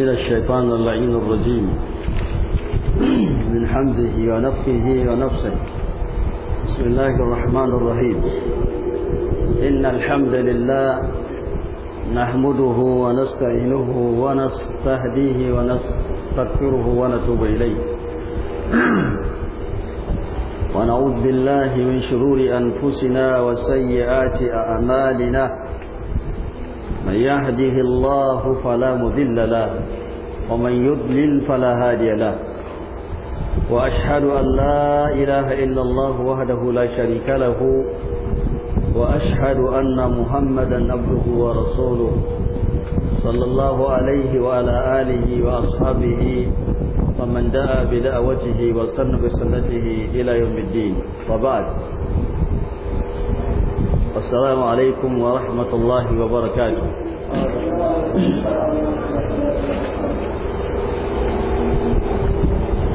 من الشيطان اللعين الرجيم من حمزه ونفخه ونفسه بسم الله الرحمن الرحيم إن الحمد لله نحمده ونستعينه ونستهديه ونستغفره ونتوب إليه ونعوذ بالله من شرور أنفسنا وسيئات أعمالنا من يهده الله فلا مذل له ومن يضلل فلا هادي له وأشهد أن لا إله إلا الله وحده لا شريك له وأشهد أن محمدا عبده ورسوله صلى الله عليه وعلى آله وأصحابه ومن دعا بدعوته واستنى بسنته إلى يوم الدين وبعد والسلام عليكم ورحمة الله وبركاته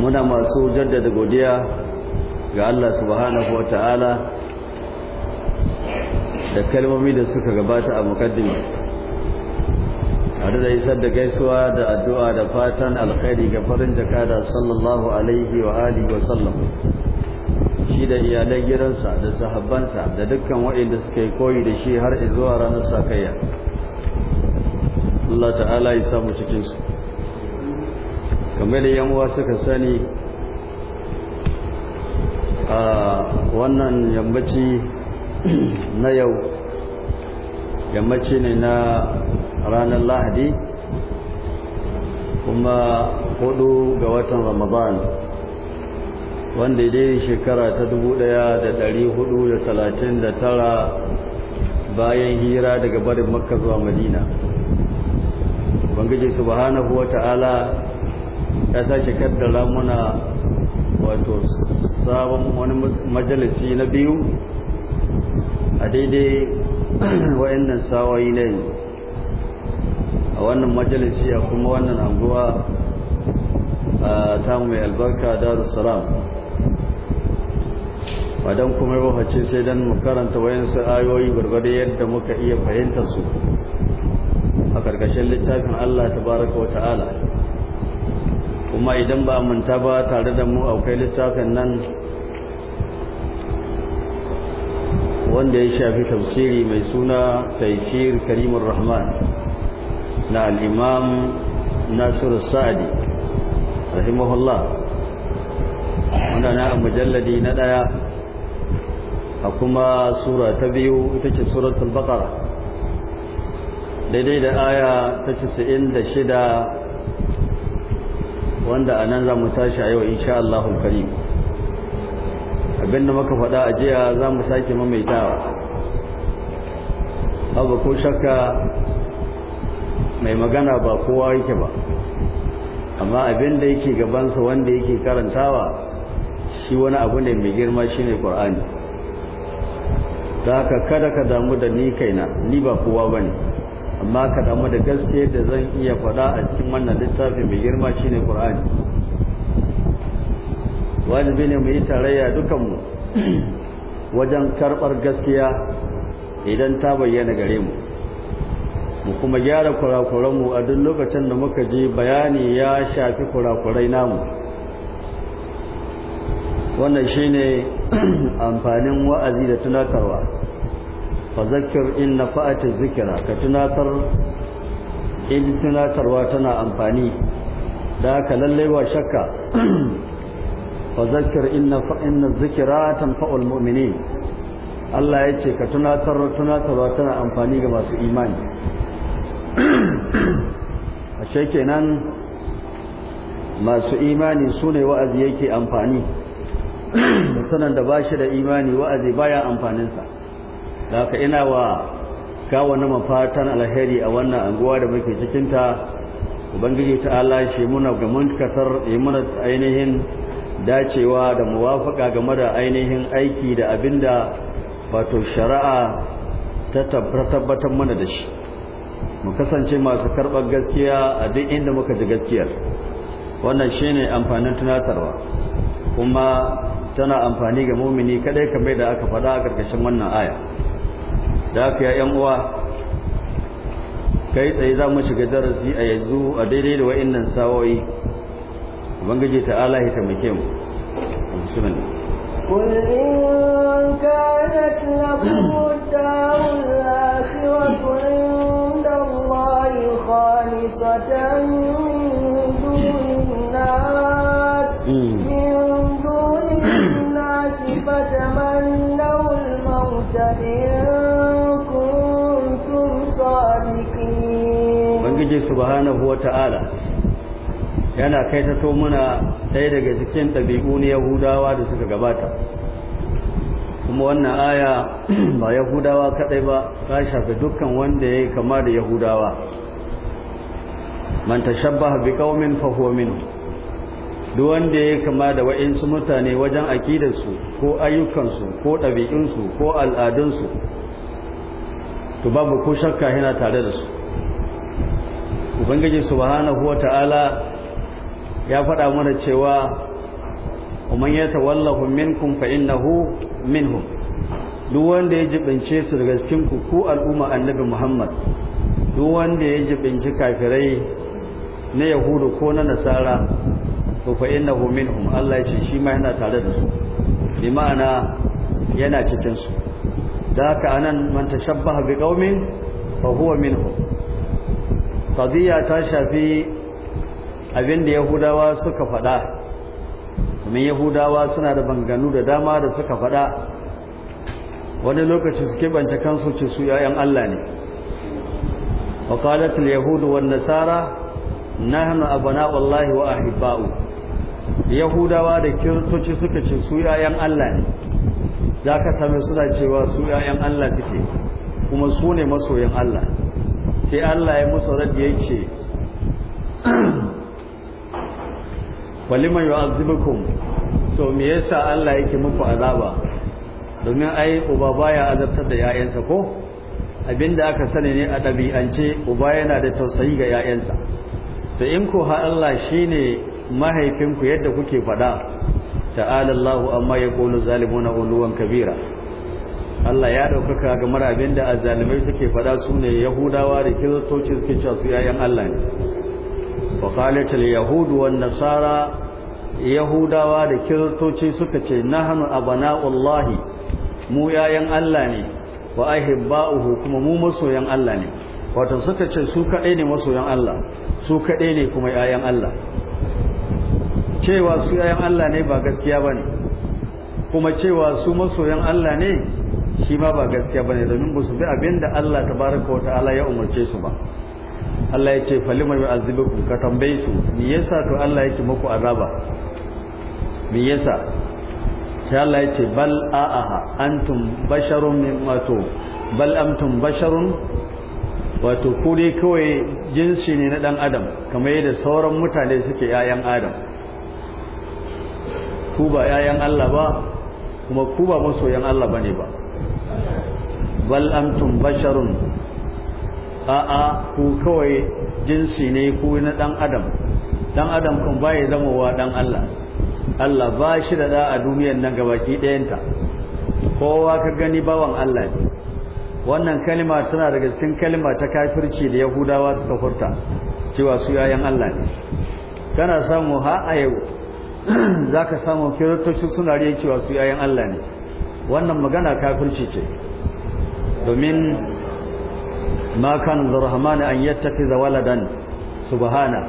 muna masu jaddada godiya ga Allah subhanahu wa ta'ala da kalmomi da suka gabata a mukaddima tare da isar da gaisuwa da addu'a da fatan alkhairi ga farin jakada sallallahu alaihi wa alihi wa sallam shi da iyalan gidansa da sahabbansa da dukkan waɗanda suka yi koyi da shi har zuwa ranar sakayya Allah ta'ala ya samu cikinsu kamar da uwa suka sani a wannan yammaci na yau yammaci ne na ranar lahadi kuma hudu ga watan ramadan wanda dai shekara ta 1439 bayan hira daga barin makka zuwa madina bangaje subhanahu ta'ala ya sake kaddara muna wato sabon wani majalisi na biyu a daidai wayannan sawayi ne a wannan majalisi a kuma wannan anguwa ta mai albarka darussalam ba don kuma mafaci sai don mu karanta wayansu ayoyi gwargwado yadda muka iya fahimtar su a ƙarƙashin littafin Allah tabaraka wa ta'ala kuma idan ba manta ba tare da mu akwai littafin nan wanda ya shafi tafsiri mai suna taishir karimun rahman na al'imam nasiru sa'adi rahimahullah wanda na a mujalladi na ɗaya a kuma sura ta biyu ita ce suratul baqara daidai da aya ta 96 wanda anan za mu tashi a yau insha Allahu karim abinda muka faɗa a jiya za mu sake mamaitawa abu ko shakka mai magana ba kowa yake ba amma abinda yake gabansa wanda yake karantawa shi wani abu ne mai girma shine qur'ani da haka kada ka damu da ni kaina ni ba kowa bane amma ka damu da gaske da zan iya faɗa a cikin wannan littafi mai girma shine Qur'ani wajibi ne mu yi tarayya dukanmu wajen karɓar gaskiya idan ta bayyana gare mu mu kuma gyara kurakuranmu a duk lokacin da muka ji bayani ya shafi kurakurai namu wannan shine amfanin wa'azi da tunatarwa fazakir in na fa'ati zikira ka tunatar in tunatarwa tana amfani da haka lallai wa shakka fazakir in na zikira fa’ul mu’amini Allah ya ce ka tunatar tunatarwa tana amfani ga masu imani A ashe nan, masu imani su ne wa'azi yake amfani musanan da ba shi da imani wa'azi baya amfaninsa da ina wa kawunan mafatan alheri a wannan anguwa da muke cikinta ubangiji ta Allah shi muna ga munkasar yi ainihin dacewa da muwafaka game da ainihin aiki da abinda wato shari'a ta tabbatar mana da shi mu kasance masu karɓar gaskiya a duk inda muka ji gaskiyar wannan shine amfanin tunatarwa kuma tana amfani ga mumini kadai kamar da aka faɗa a ƙarƙashin wannan aya da haka ya yan uwa kai tsaye za mu shiga darasi a yanzu a daidai da wa'annan sawoyi ubangiji alahi ta muke mu bismillah قل إن كانت لكم الدار الآخرة عند الله خالصة subhanahu wata'ala yana kai ta to muna ɗaya daga cikin ɗabi'u na yahudawa da suka gabata kuma wannan aya ba yahudawa kaɗai ba ta shafi dukkan wanda ya yi kama da yahudawa man ta shabba fa huwa minhu duk wanda yayi kama da wa'insu mutane wajen akidarsu ko ayyukansu ko ɗabi'unsu ko al'adunsu to babu ko shakka yana tare da su ubangiji subhanahu wataala ya faɗa mana cewa umman yatawallahu minkum fa innahu minhum duk wanda ya jibince su daga cikin ku ku al'umma annabi Muhammad duk wanda ya jibinci kafirai na yahudu ko na nasara to fa innahu minhum Allah ya ce shi ma yana tare da su bi ma'ana yana cikin su da haka anan man tashabbaha bi qaumin fa huwa minhum qadiyya ta shafi abinda yahudawa suka faɗa domin yahudawa suna da banganu da dama da suka faɗa wani lokaci suke bance kansu ce su yayan Allah ne wa qalat al yahud an nasara nahnu abana wallahi wa ahibba'u yahudawa da kiristoci suka ce su yayan Allah ne zaka same suna cewa su yayan Allah suke kuma su ne masoyan Allah sai Allah ya musu rad ya ce walima yu'azibukum to me yasa Allah yake muku azaba domin ai uba baya azabtar da yayansa ko abinda aka sani ne a ɗabi'ance uba yana da tausayi ga yayansa to in ko ha Allah shine mahaifinku yadda kuke faɗa ta'ala Allahu amma yaqulu zalimuna uluwan kabira Allah ya ɗaukaka ga marabin da azalimai suke faɗa su ne yahudawa da kiristoci suke cewa su yayan Allah ne wa qalatul yahud wan nasara yahudawa da kiristoci suka ce nahnu abana'ullahi mu yayan Allah ne wa ahibba'uhu kuma mu masoyan Allah ne wato suka ce su kaɗai ne masoyan Allah su kaɗai ne kuma yayan Allah cewa su yayan Allah ne ba gaskiya bane kuma cewa su masoyan Allah ne shi ma ba gaskiya bane domin ba su bi abinda Allah tabaraka wa ta'ala ya umarce su ba Allah ya ce falima yu'azibukum ka tambaye su me yasa to Allah yake muku azaba me yasa sai Allah ya ce bal a'aha antum basharun min wato bal tun basharun wato ku dai kawai jinsi ne na dan adam kamar yadda sauran mutane suke yayan adam ku ba yayan Allah ba kuma ku ba masoyan Allah bane ba, ne ba. bal antum basharun a'a ku kawai jinsi ne ku na dan adam dan adam kun baya zama wa dan Allah Allah ba shi da da a duniyar nan gabaki ɗayanta kowa ka gani bawan Allah ne wannan kalma tana daga cikin kalima ta kafirci da yahudawa suka furta cewa su yayan Allah ne kana samu ha a yau zaka samu kiristoci suna riya cewa su yayan Allah ne wannan magana kafirci ce domin ma kan zurhamani an yattakiza waladan subhana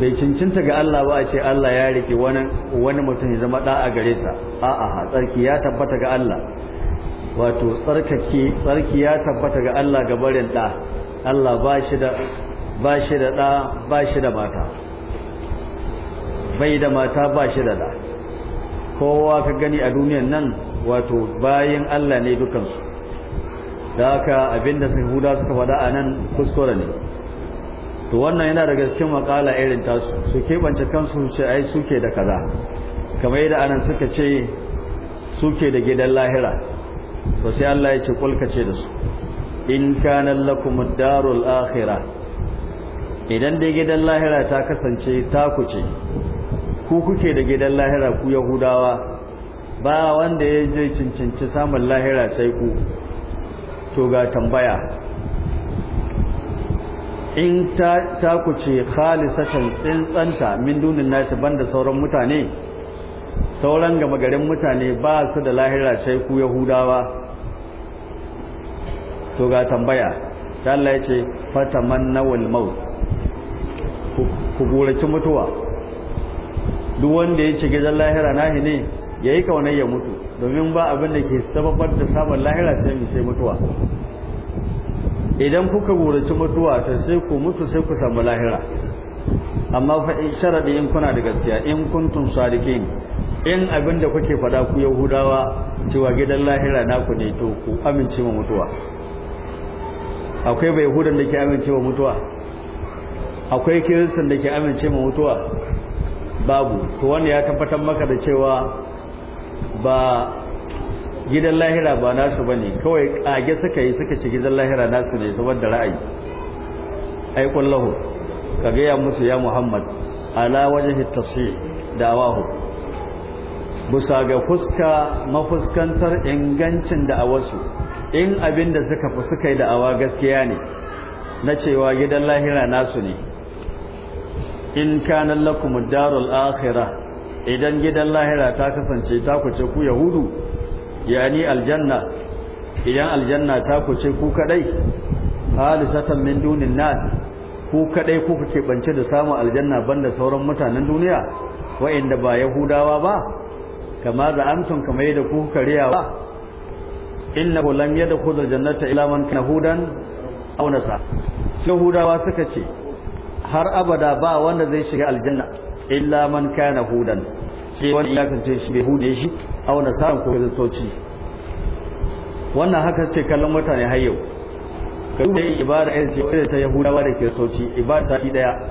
bai cincinta ga Allah ba a ce Allah ya rike wani wani mutum ya zama a gare sa a'a tsarki ya tabbata ga Allah wato tsarkake tsarki ya tabbata ga Allah ga barin da Allah ba shi da ba shi da da ba shi da mata bai da mata ba shi da da kowa ka gani a duniyan nan wato bayan Allah ne dukansu da haka abinda huda suka fada a nan kuskure ne to wannan yana daga cikin makala irin tasu su keɓance kansu ce ai suke da kaza kamar yadda anan suka ce suke da gidan lahira to sai Allah ya ce kulka ce da su in kana lakum darul akhirah idan dai gidan lahira ta kasance ta kuce ku kuke da gidan lahira ku yahudawa ba wanda ya je cincinci samun lahira sai ku to ga tambaya in ta ta ku ce khalisatan tsintsanta min dunin nasu banda sauran mutane sauran gama garin mutane ba su da lahira sai ku yahudawa to ga tambaya Allah ya ce fatamannawul maut ku gurace mutuwa duk wanda ya ce gidan lahira nahi ne yayi kaunai ya mutu domin ba abin da ke sababar da samun lahira sai mu sai mutuwa idan kuka gurace mutuwa ta sai ku mutu sai ku samu lahira amma fa in sharadi in kuna da gaskiya in kuntum sadiqin in abin da kuke fada ku yahudawa cewa gidan lahira naku ne to ku amince mu mutuwa akwai bai yahudan da ke amince mu mutuwa akwai kiristan da ke amince mu mutuwa babu to wanda ya tabbatar maka da cewa ba gidan lahira ba nasu ba ne kawai kage suka yi suka ci gidan lahira nasu ne saboda ra'ayi Ai lahu ka gaya musu ya muhammad ala wajen da awahu. busa ga fuska mafuskantar ingancin da a wasu in abin da suka fi suka yi da awa gaskiya ne na cewa gidan lahira nasu ne in kanan lakumud darul akhirah idan gidan lahira ta kasance ta kuce ku yahudu yani aljanna idan aljanna ta kuce ku kadai halisatan min dunin nas ku kadai ku kuke bance da samun aljanna banda sauran mutanen duniya wa'inda ba yahudawa ba kama da amtun kamar yadda ku kariyawa innahu lam yadkhul aljannata illa man kana hudan aw nasa yahudawa suka ce har abada ba wanda zai shiga aljanna illa man kana hudan sai wani ya kance shi bai hude shi aw nasaran ko kristoci wannan haka suke kallon mutane har yau kai dai, ibada ɗin ce irin ta yahudawa da kristoci ibada shi daya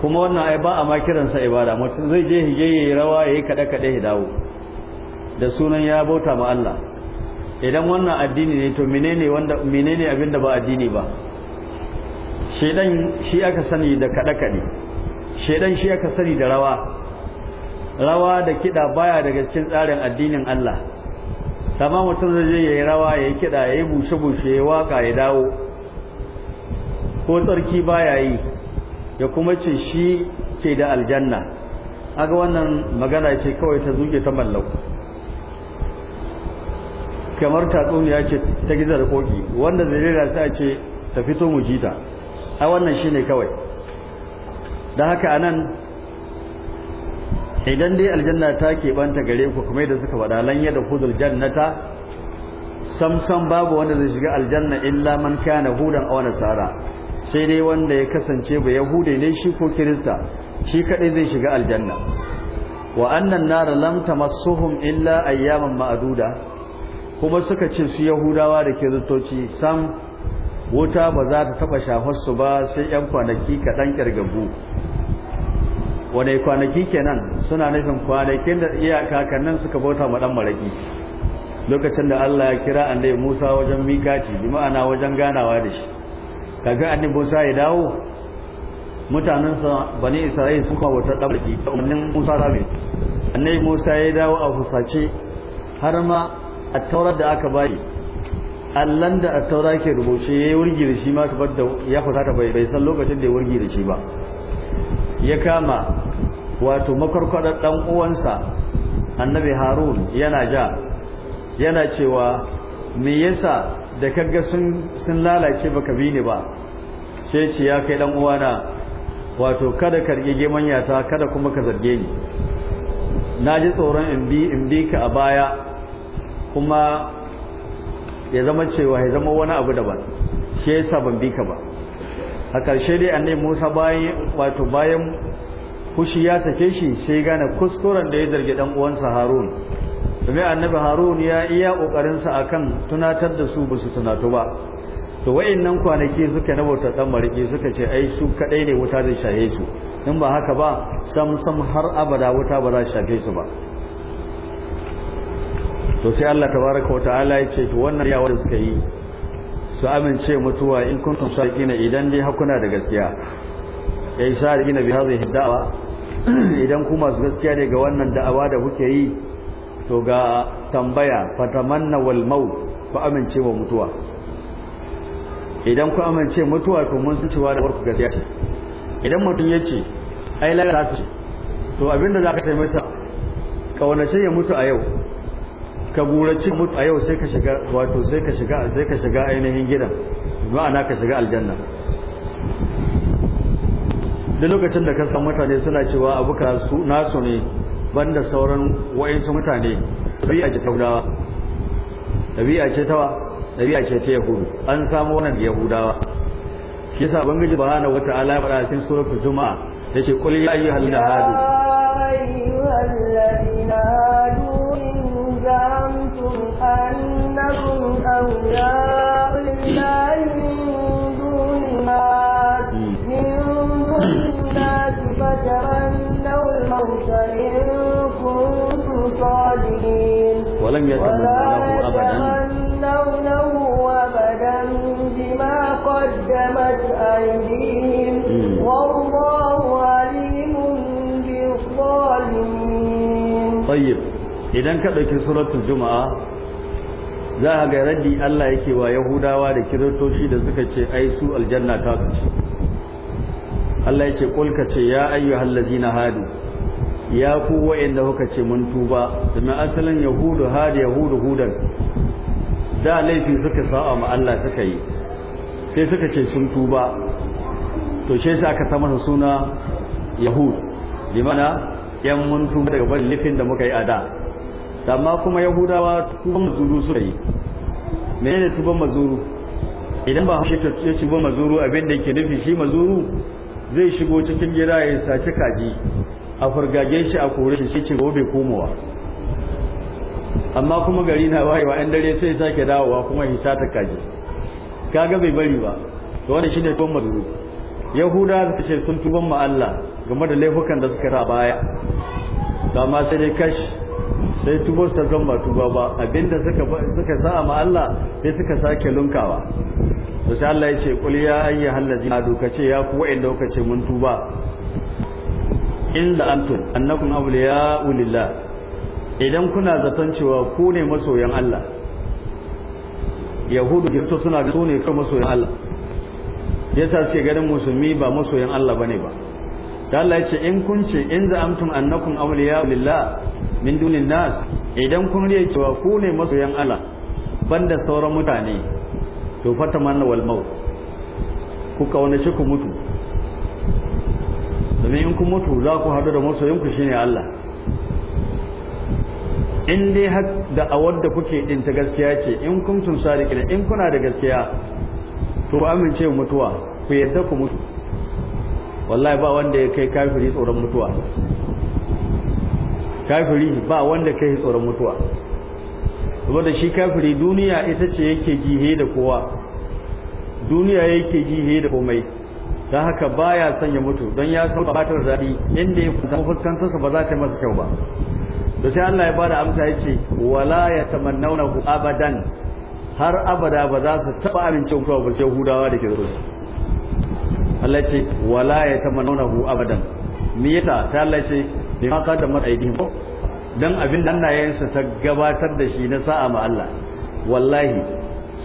kuma wannan ai ba a ma kiransa ibada mutum zai je hige yayi rawa yi kada kada ya dawo da sunan ya bauta ma Allah idan wannan addini ne to menene wanda menene abinda ba addini ba shedan shi aka sani da kada kada shedan shi aka sani da rawa rawa da kiɗa baya daga cikin tsarin addinin Allah kamar mutum zai je yayi rawa yayi kiɗa yayi bushe bushe yayi waka ya dawo ko tsarki baya yi ya kuma ce shi ke da aljanna aga wannan magana ce kawai ta zuke ta mallau kamar tatsuniya ce ta gizar koki wanda zai rira sai ce ta fito mu jita a wannan shine kawai Da haka anan idan dai aljanna ta banta gare ku kuma yadda suka faɗa lan yadda hudul jannata samsam babu wanda zai shiga aljanna illa man kana hudan aw nasara sai dai wanda ya kasance ba yahude ne shi ko kirista shi kadai zai shiga aljanna wa annan nar lam tamassuhum illa ayyaman ma'aduda, kuma suka ce su yahudawa da kiristoci sam wuta ba za ta taba shafar ba sai yan kwanaki kadan kirgabu wadai kwanaki kenan suna nufin kwanakin da iyakakannin suka bauta ma dan maraki lokacin da Allah ya kira annabi Musa wajen mikati bi ma'ana wajen ganawa da shi kaga annabi Musa ya dawo mutanen sa bani Isra'il suka wata dabbaki umarnin Musa rabe annabi Musa ya dawo a fusace har ma a taurar da aka bayi. allan da a taura ke rubuce ya yi wurgi da shi ma kabar da ya fusata bai bai san lokacin da ya wurgi da shi ba ya kama wato makarkwadar ɗan uwansa annabi harun yana ja yana cewa me yasa da kaga sun lalace ba ka bi ni ba sai ce ya kai ɗan uwana wato kada ka rige manyata kada kuma ka zarge ni na ji tsoron in bi ka a baya kuma ya zama cewa ya zama wani abu daban shi yasa ban bi ka ba a ƙarshe dai annai Musa bayan wato bayan fushi ya sake shi sai gane kuskuren da ya zargi dan uwansa Harun domin annabi Harun ya iya ƙoƙarinsa sa akan tunatar da su basu tunatu ba to wayannan kwanaki suka na bauta dan mariki suka ce ai su kadai ne wuta zai shafe su in ba haka ba sam sam har abada wuta ba za ta shafe su ba to sai Allah baraka wata ta'ala ya ce to wannan yawa da suka yi su amince mutuwa in kuntum sadiqina idan dai hakuna da gaskiya yayi sadiqina bi hadhihi da'wa idan ku masu gaskiya ne ga wannan da'awa da kuke yi to ga tambaya fatamanna wal maut ku amince wa mutuwa idan ku amince mutuwa to mun san cewa da warku gaskiya ce idan mutum ya ce ai lalata su to abinda za ka sai masa kaunace ya mutu a yau ka buraci a yau sai ka shiga wato sai ka shiga sai ka shiga ainihin gidan ma'ana ka shiga aljanna da lokacin da ka san mutane suna cewa abu ka su nasu ne banda sauran wayansu mutane tabi'a ce taudawa tabi'a ce tawa tabi'a ce ta yahudu an samu wannan yahudawa yasa bangiji bahana wata ala ya fara cikin suratul juma'a yace qul ya ayyuhal ladina hadu زعمتم أنكم أولياء لله من دون الناس من دون الناس فتمنوا الموت إن كنتم صادقين ولم يتمنوه أبدا بما قدمت أيديهم والله عليم بالظالمين طيب idan ka ɗauki suratul juma'a za a ga raddi Allah yake wa yahudawa da kiristoci da suka ce ai su aljanna ta su ce Allah yake kulka ce ya ayyuhal na hadu ya ku wa'inda kuka ce mun tuba domin asalin yahudu hadu yahudu hudan da laifi suka sa'a ma Allah suka yi sai suka ce sun tuba to shi yasa aka sa masa suna yahud limana yan mun tuba daga ban lifin da muka yi a da amma kuma yahudawa tuban mazuru suka yi menene tuban mazuru idan ba haushe ta ce tuban mazuru abin da yake nufi shi mazuru zai shigo cikin gida ya saci kaji a furgage shi a kore shi ce gobe komowa amma kuma gari na wayewa yan dare sai sake dawowa kuma ya sata kaji kaga bai bari ba to wannan shine tuban mazuru yahuda ce sun tuban ma Allah game da laifukan da suka ra baya Da amma sai dai kashi sai tubo ta zama tuba ba abinda suka sa ma Allah sai suka sake lunkawa to sai Allah ya ce qul ya ayyuhal ladina dukace ya ku wa'inda kuka ce mun tuba in la antum annakum awliya'u lillah idan kuna zaton cewa ku ne masoyan Allah yahudu kirto suna da sune kan masoyan Allah yasa ce ganin musulmi ba masoyan Allah bane ba da Allah ya ce in kun ce in za amtum annakum awliya'u lillah min dunin nas idan kun riya cewa ku ne masoyan Allah banda sauran mutane to fatamanna wal maut ku shi ku mutu domin in kun mutu za ku hadu da masoyan ku shine Allah in dai har da awar da kuke din ta gaskiya ce in kuntum sadiqina in kuna da gaskiya to ku amince mutuwa ku yadda ku mutu wallahi ba wanda ya kai kafiri tsoron mutuwa kafiri ba wanda kai tsoron mutuwa saboda shi kafiri duniya ita ce yake jihe da kowa duniya yake jihe da komai don haka baya son ya mutu don ya san batar zaɓi inda ya kuma su ba za ta masa kyau ba da sai Allah ya ba da amsa ya ce wala ya tamannauna ku abadan har abada ba za su taɓa amincin kuwa ba sai hudawa da ke zuwa Allah ce wala ya tamannauna ku abadan me yasa sai Allah ce bi ma qaddamat aydihim dan abin da hannayensu ta gabatar da shi na sa'a ma Allah wallahi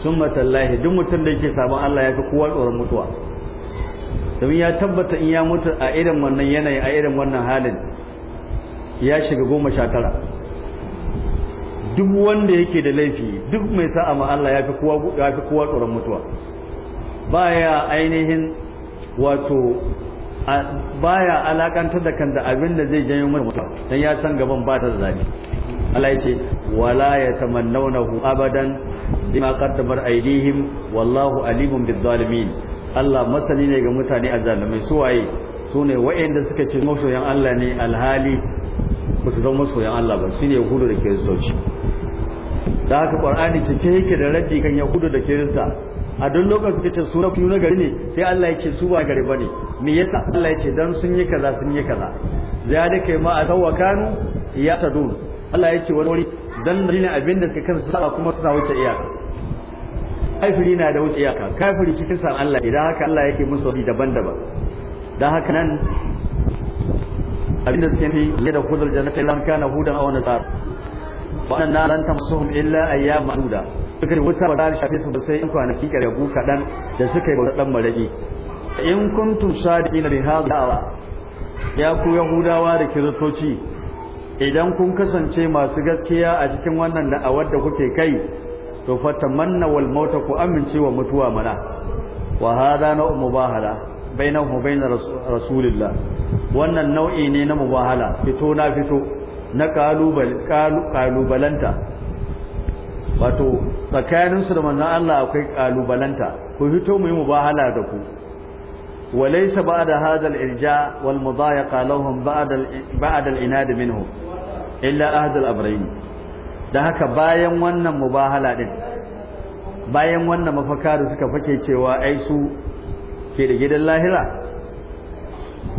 summa tallahi duk mutum da yake sabon Allah ya fi kowa tsoron mutuwa domin ya tabbata in ya mutu a irin wannan yanayi a irin wannan halin ya shiga goma sha tara duk wanda yake da laifi duk mai sa'a ma Allah ya fi kowa tsoron mutuwa baya ainihin wato baya alakantar da kan da abin da zai janyo mai mutuwa dan ya san gaban ba ta zabi Allah yace wala yatamannawnahu abadan bima qaddamar aidihim. wallahu alimun bizzalimin Allah masani ne ga mutane azzalimai su waye su ne waɗanda suka ce masoyan Allah ne alhali ba su zama masoyan Allah ba su ne yahudu da kiristoci da haka ƙwar'ani cike yake da raddi kan yahudu da kirista a duk lokacin suka ce suna na na gari ne sai Allah ya ce su ba gari bane me yasa Allah ya ce dan sun yi kaza sun yi kaza zalika ma a atawa kanu ya tadun Allah ya ce wani wuri dan abin abinda suka kansu sa kuma su wuce iyaka kafiri na da wuce iyaka kafiri cikin san Allah idan haka Allah yake musu daban-daban dan haka nan abinda suke yi ya da kudul jannati lam kana hudan aw nasar wa anna lan tamsuhum illa ayyam ma'uda suka wuta ba za shafe su ba sai in kwanaki ƙaryagu kaɗan da suka yi ba ɗan maraƙi in kuntum sadiqina da awa. ya ku yahudawa da kiristoci idan kun kasance masu gaskiya a cikin wannan da'awar da kuke kai to fatamanna wal mauta ku amince wa mutuwa mana wa hadha nau'u mubahala bainahu bain rasulillah wannan nau'i ne na mubahala fito na fito na kalubalanta wato tsakaninsu da manzan Allah akwai kalubalanta ku fito mu yi mubahala da ku وليس بعد هذا الإرجاء والمضايقة لهم بعد بعد العناد Illa إلا أهد abrayn da haka bayan wannan mubahala din bayan wannan mafaka da suka fake cewa ai su ke da gidan lahira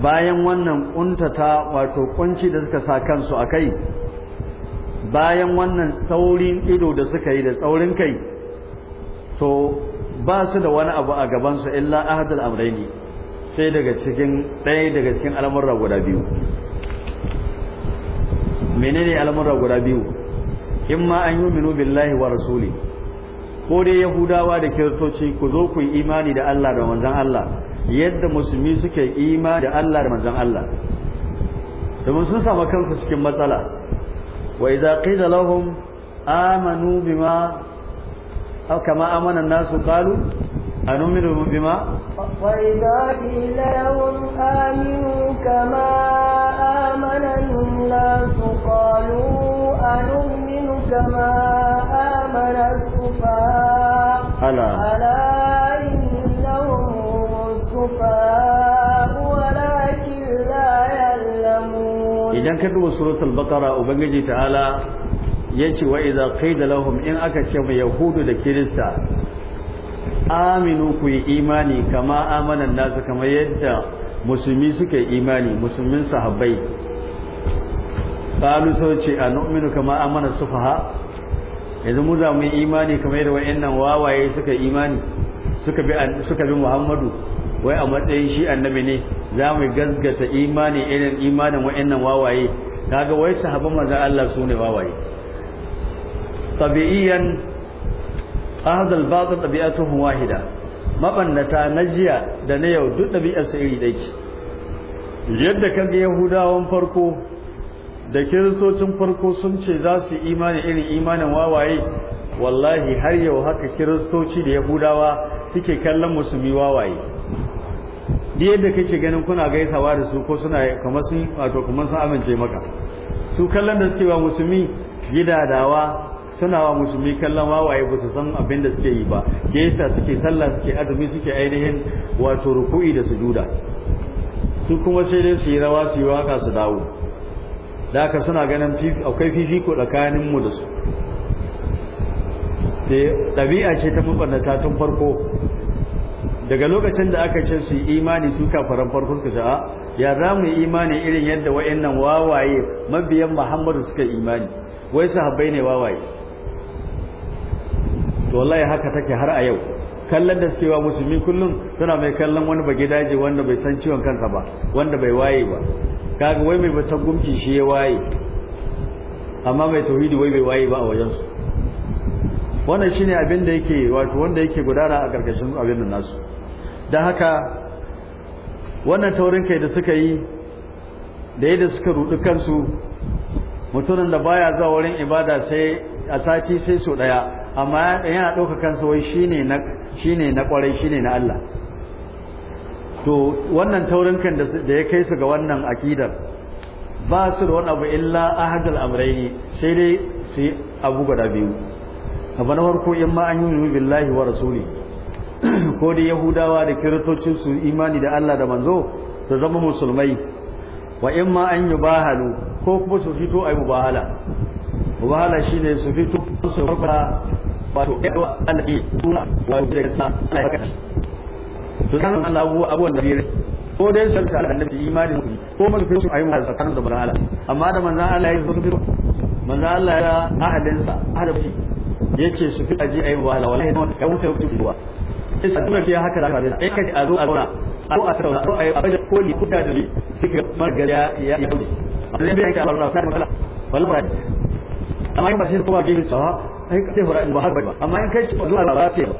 bayan wannan kuntata wato kunci da suka sa kansu akai bayan wannan saurin ido da suka yi da tsaurin kai to ba su da wani abu a gabansu illa ahadul amraini sai daga cikin ɗaya daga cikin al'amurra guda biyu menene al'amurra guda biyu in ma an yuminu billahi wa rasuli ko dai yahudawa da kiristoci ku zo ku yi imani da Allah da manzon Allah yadda musulmi suke imani da Allah da manzon Allah domin sun samu kansu cikin matsala وإذا قيل لهم آمنوا بما أو كما آمن الناس قالوا أنؤمن بما وإذا قيل لهم آمنوا كما آمن الناس قالوا أنؤمن كما آمن السفهاء ألا ألا إنهم السفهاء idan ka duba suratul baqara ubangiji ta'ala yace wa idza qila lahum in aka ce mu yahudu da kirista aminu ku yi imani kama amana nasu kamar yadda musulmi suke imani musulmin sahabbai qalu so ce a nu'minu kama amana sufaha yanzu mu za mu yi imani kamar yadda wayannan wawaye suka imani suka bi suka bi Muhammadu wai a matsayin shi annabi ne za mu gazgata imani irin imanin wa'annan wawaye kaga wai sahaba manzo Allah su ne wawaye tabi'iyan hada al-batil tabi'atuhu wahida mabannata na jiya da na yau duk tabi'ar su iri ɗaya yadda kan ga yahudawan farko da kiristocin farko sun ce za su imani irin imanin wawaye wallahi har yau haka kiristoci da yahudawa suke kallon musulmi wawaye duk yadda kake ganin kuna gaisawa da su ko suna kamar sun wato kamar sun amince maka su kallon da suke wa musulmi gidadawa suna wa musulmi kallon wawaye ba su san abin da suke yi ba gaisa suke sallah suke azumi suke ainihin wato ruku'i da sujuda su kuma sai dai su yi rawa su yi waka su dawo da haka suna ganin akwai fifiko tsakaninmu da su da ɗabi'a ce ta ɓarnata tun farko daga lokacin da aka ce su imani su kafaran farko su ta'a, ya za mu imani irin yadda wa'annan wawaye mabiyan muhammadu suka imani wai su sahabbai ne wawaye to wallahi haka take har a yau kallon da suke wa musulmi kullum suna mai kallon wani bage daji wanda bai san ciwon kansa ba wanda bai waye ba kaga wai mai bata gumki shi ya waye amma mai tauhidi wai bai waye ba a wajensu wannan shine abin da yake wato wanda yake gudana a gargashin abin nan nasu dan haka wannan taurin kai da suka yi da yadda suka rudu kansu mutumin da baya zuwa wurin ibada sai a sati sai so daya amma yana dauka kansa wai shine na shine na kwarai shine na Allah to wannan taurin kan da ya kai su ga wannan akidar ba su da wani abu illa ahadul amrayni sai dai su abu guda biyu abu na farko in ma an yi billahi wa rasuli ko da yahudawa da kiristocin su imani da Allah da manzo su zama musulmai wa in ma an yi bahalu ko kuma su fito yi mubahala mubahala shine su fito su farfara wato yawa alƙi tuna wa da sa yi kakashi su san Allah abu abuwan da biyar ko dai su ta su imani su ko mun fito yi mubahala tsakanin da mubahala amma da manzan Allah ya yi su fito manzan Allah ya ahadinsa ahadabi ya ce su fi aji ayi wahala wallahi na ya wuce wuce ruwa sa duk da haka da haka sai kaje a zo a zauna a zo a tauna a zo a yi abaje koli kuta da ni siga margariya ya ya wuce amma bai ka Allah sai magana wallahi amma in ba sai kuma gidi sa ai ka ce hura in ba haka ba amma in kai ci zuwa ba sai ba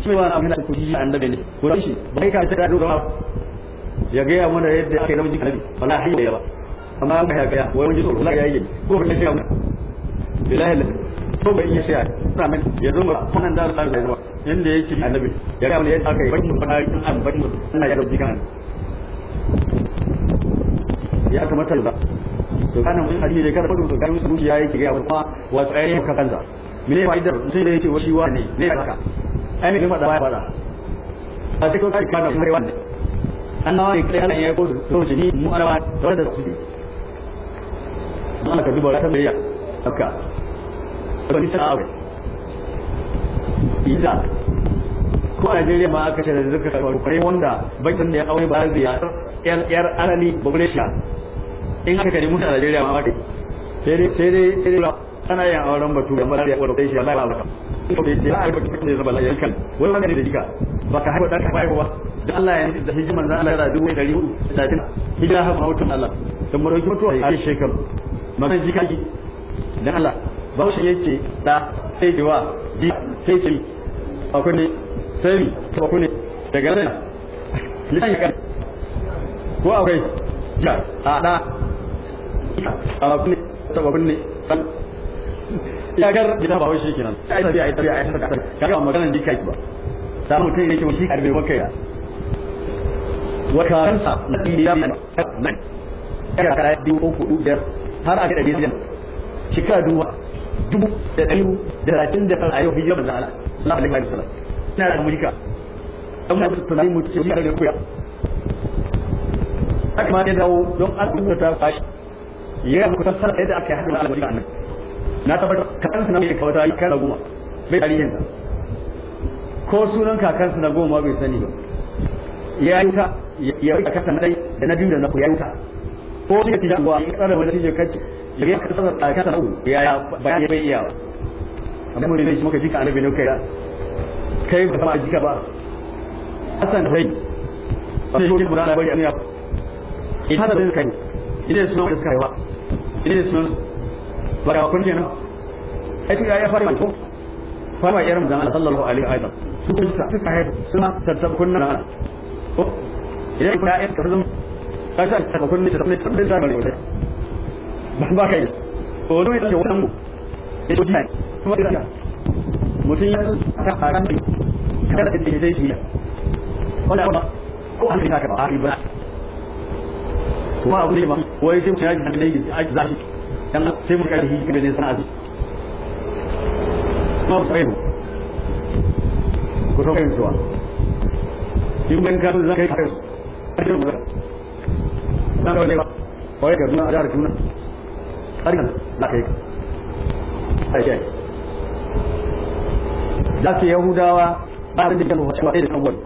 shi ba amina ku ji annabi ne ko shi bai ka ce da ta ba ya ga mana yadda ake namiji kalabi wallahi ya ba amma ba ya ga wai wani tsoro la ya yi ko ba shi ya bilahi ko bai iya shiya Ina mai ya zo mura sanan da Allah ya zuwa inda yake bi annabi ya ga wani aka yi bari mu fara kin an bari mu ya rubi kan ya kamata da so kana mun hadisi da kada fasu so kai musu ya yake ga wa wa tsare ka kansa mene fa'idar da yake wasi wa ne ne haka ai ne ba da ba a cikin kai kana mun rewan annawa ne kai ya ko so shi mu araba da da su ne Allah ka duba ta bayya haka wani sa'a aure ko a Najeriya ma aka ce da zuka kwarai wanda bakin da ya aure ba zai ya yar arali bobresha in aka kare mutu a Najeriya ma aka sai dai sai dai sai dai ana yin auren batu da mara yawa da shi Allah ya baka ko bai da alba kin da zaba lafiya kan wai wannan da dika baka haifa da ka haifa ba da Allah ya nufi da hijiman da Allah ya rabu mai dari hudu da tin hijira ha hautun Allah da marauki mutuwa ya shekaru magana jikaki dan Allah ba yake da sai biwa bi sai akwai ne sai ta ne daga nan lisan ya ko akwai ja a da a ku ne ta ku ne san ya gida ba shi kenan ai tafiya ai tafiya ai tafiya kaga maganar dikai ba da tafiya yake shi karbe maka ya wakaransa na ɗiya nan daga kara biyu uku biyar har a kaɗa biyan cika duwa dubu da ɗari da ta da fara yau hijira manzan Allah sallallahu alaihi wasallam ina da mulka dan mu ta mu ce da koya haka ta da dawo don ta duba ta fashi ya ta kusa ta da aka ta alwali ta na ta kakan sunan mai kawata yi kana goma bai tarihin ko sunan ta sunan goma bai sani ba ta yi ta ya rika ta na dai da na biyu da na ku ta ta ko ne ta jangwa in tsara wani shige kace daga ka tsara ka ta ya ya bayani bai iya amma mun ne shi muka jika annabi ne kai kai ba ma jika ba asan rai sai shi bura da bai ya ita da zai kai idan sunan da suka yawa idan sunan ba da kun kenan ai shi ya fara ko fara irin zan Allah sallallahu alaihi wasallam su ta suka haifa suna tattabkunna idan ka yi ka zama ka ta ta kun ne ta ne kai da mai wata ba ba kai ko dole ne wannan mu ya ji ne kuma da mutum ya ta a kan kada ta ce zai shi wala wala ko an ka ba a ibra wa abu ne ba wai sai mutum ya ji da ne a zashi dan sai mu kai shi da ne sana'a ma sai mu ku sauke su wa in ban ka za kai kai su nan da wani ba kawai ka zuna a jihar kuna ƙarfin na kai ka da ke yahudawa ba da jikin wasu wa ɗaya da kan wani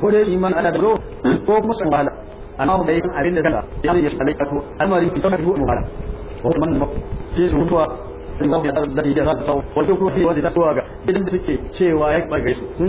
ko dai iman ana da ko kuma sun wahala amma ba yi abin da zaka ya ne ya shi alaikatu almarin ki sauka ruwa mubala ko kuma nan ke su mutuwa sun zama da zai yi da za su sau wato kuma fi wanda ta suwa ga idan suke cewa ya kuma gaisu sun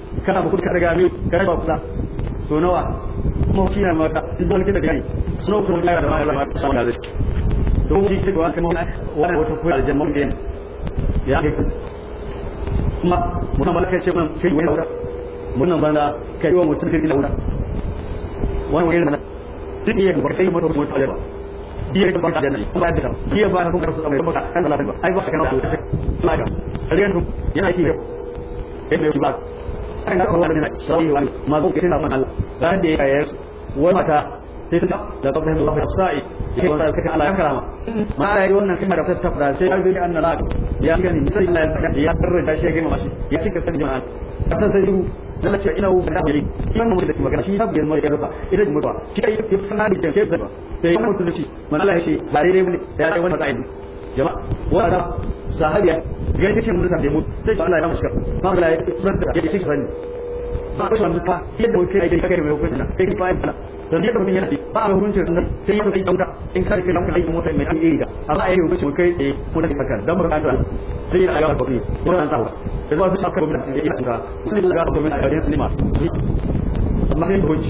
kana ba kuka daga mai kare ba kusa so nawa kuma shi na mata idan kina gani so nawa kuma da ma da ma sa da zai to shi ke ga kuma wannan wata da jama'a din ya ga kuma mun ba malaka ce mun kai wani wata mun nan bana kai wani mutum kai wura wani wani na duk iya ba kai mutum mutum da ba iya ba da nan ba da iya ba kun karsu amma ba kan Allah ba ai ba kana ba ma ga riyan yana yi ne ba kan da kowa da sai wani ma zo kina man Allah dan da ya yayar wani mata sai ta da kafin Allah sa'i sai wanda kake Allah ya karama ma da yi wannan kuma da ta tafra sai ai bi anna la sai Allah ya ya tarra shi ga mashi ya cika san jama'a ta sai ce ina da da magana shi tabbiyar mai mutuwa shi kai da kake zaba sai man Allah ya ce ne ya dai wannan jama'a wa'ada sahariya ga yadda ke mutane mu sai Allah ya ba Allah ya sani ba yadda kai kai mai hukunci na dan yadda mun yana ba a hukunci nan sai ya kai dauka in kai mota mai hukunci kai ko da fakar dan kai sai ya ga an tawo sai ba su shaka gwamnati ya yi sai ga amma sai hukunci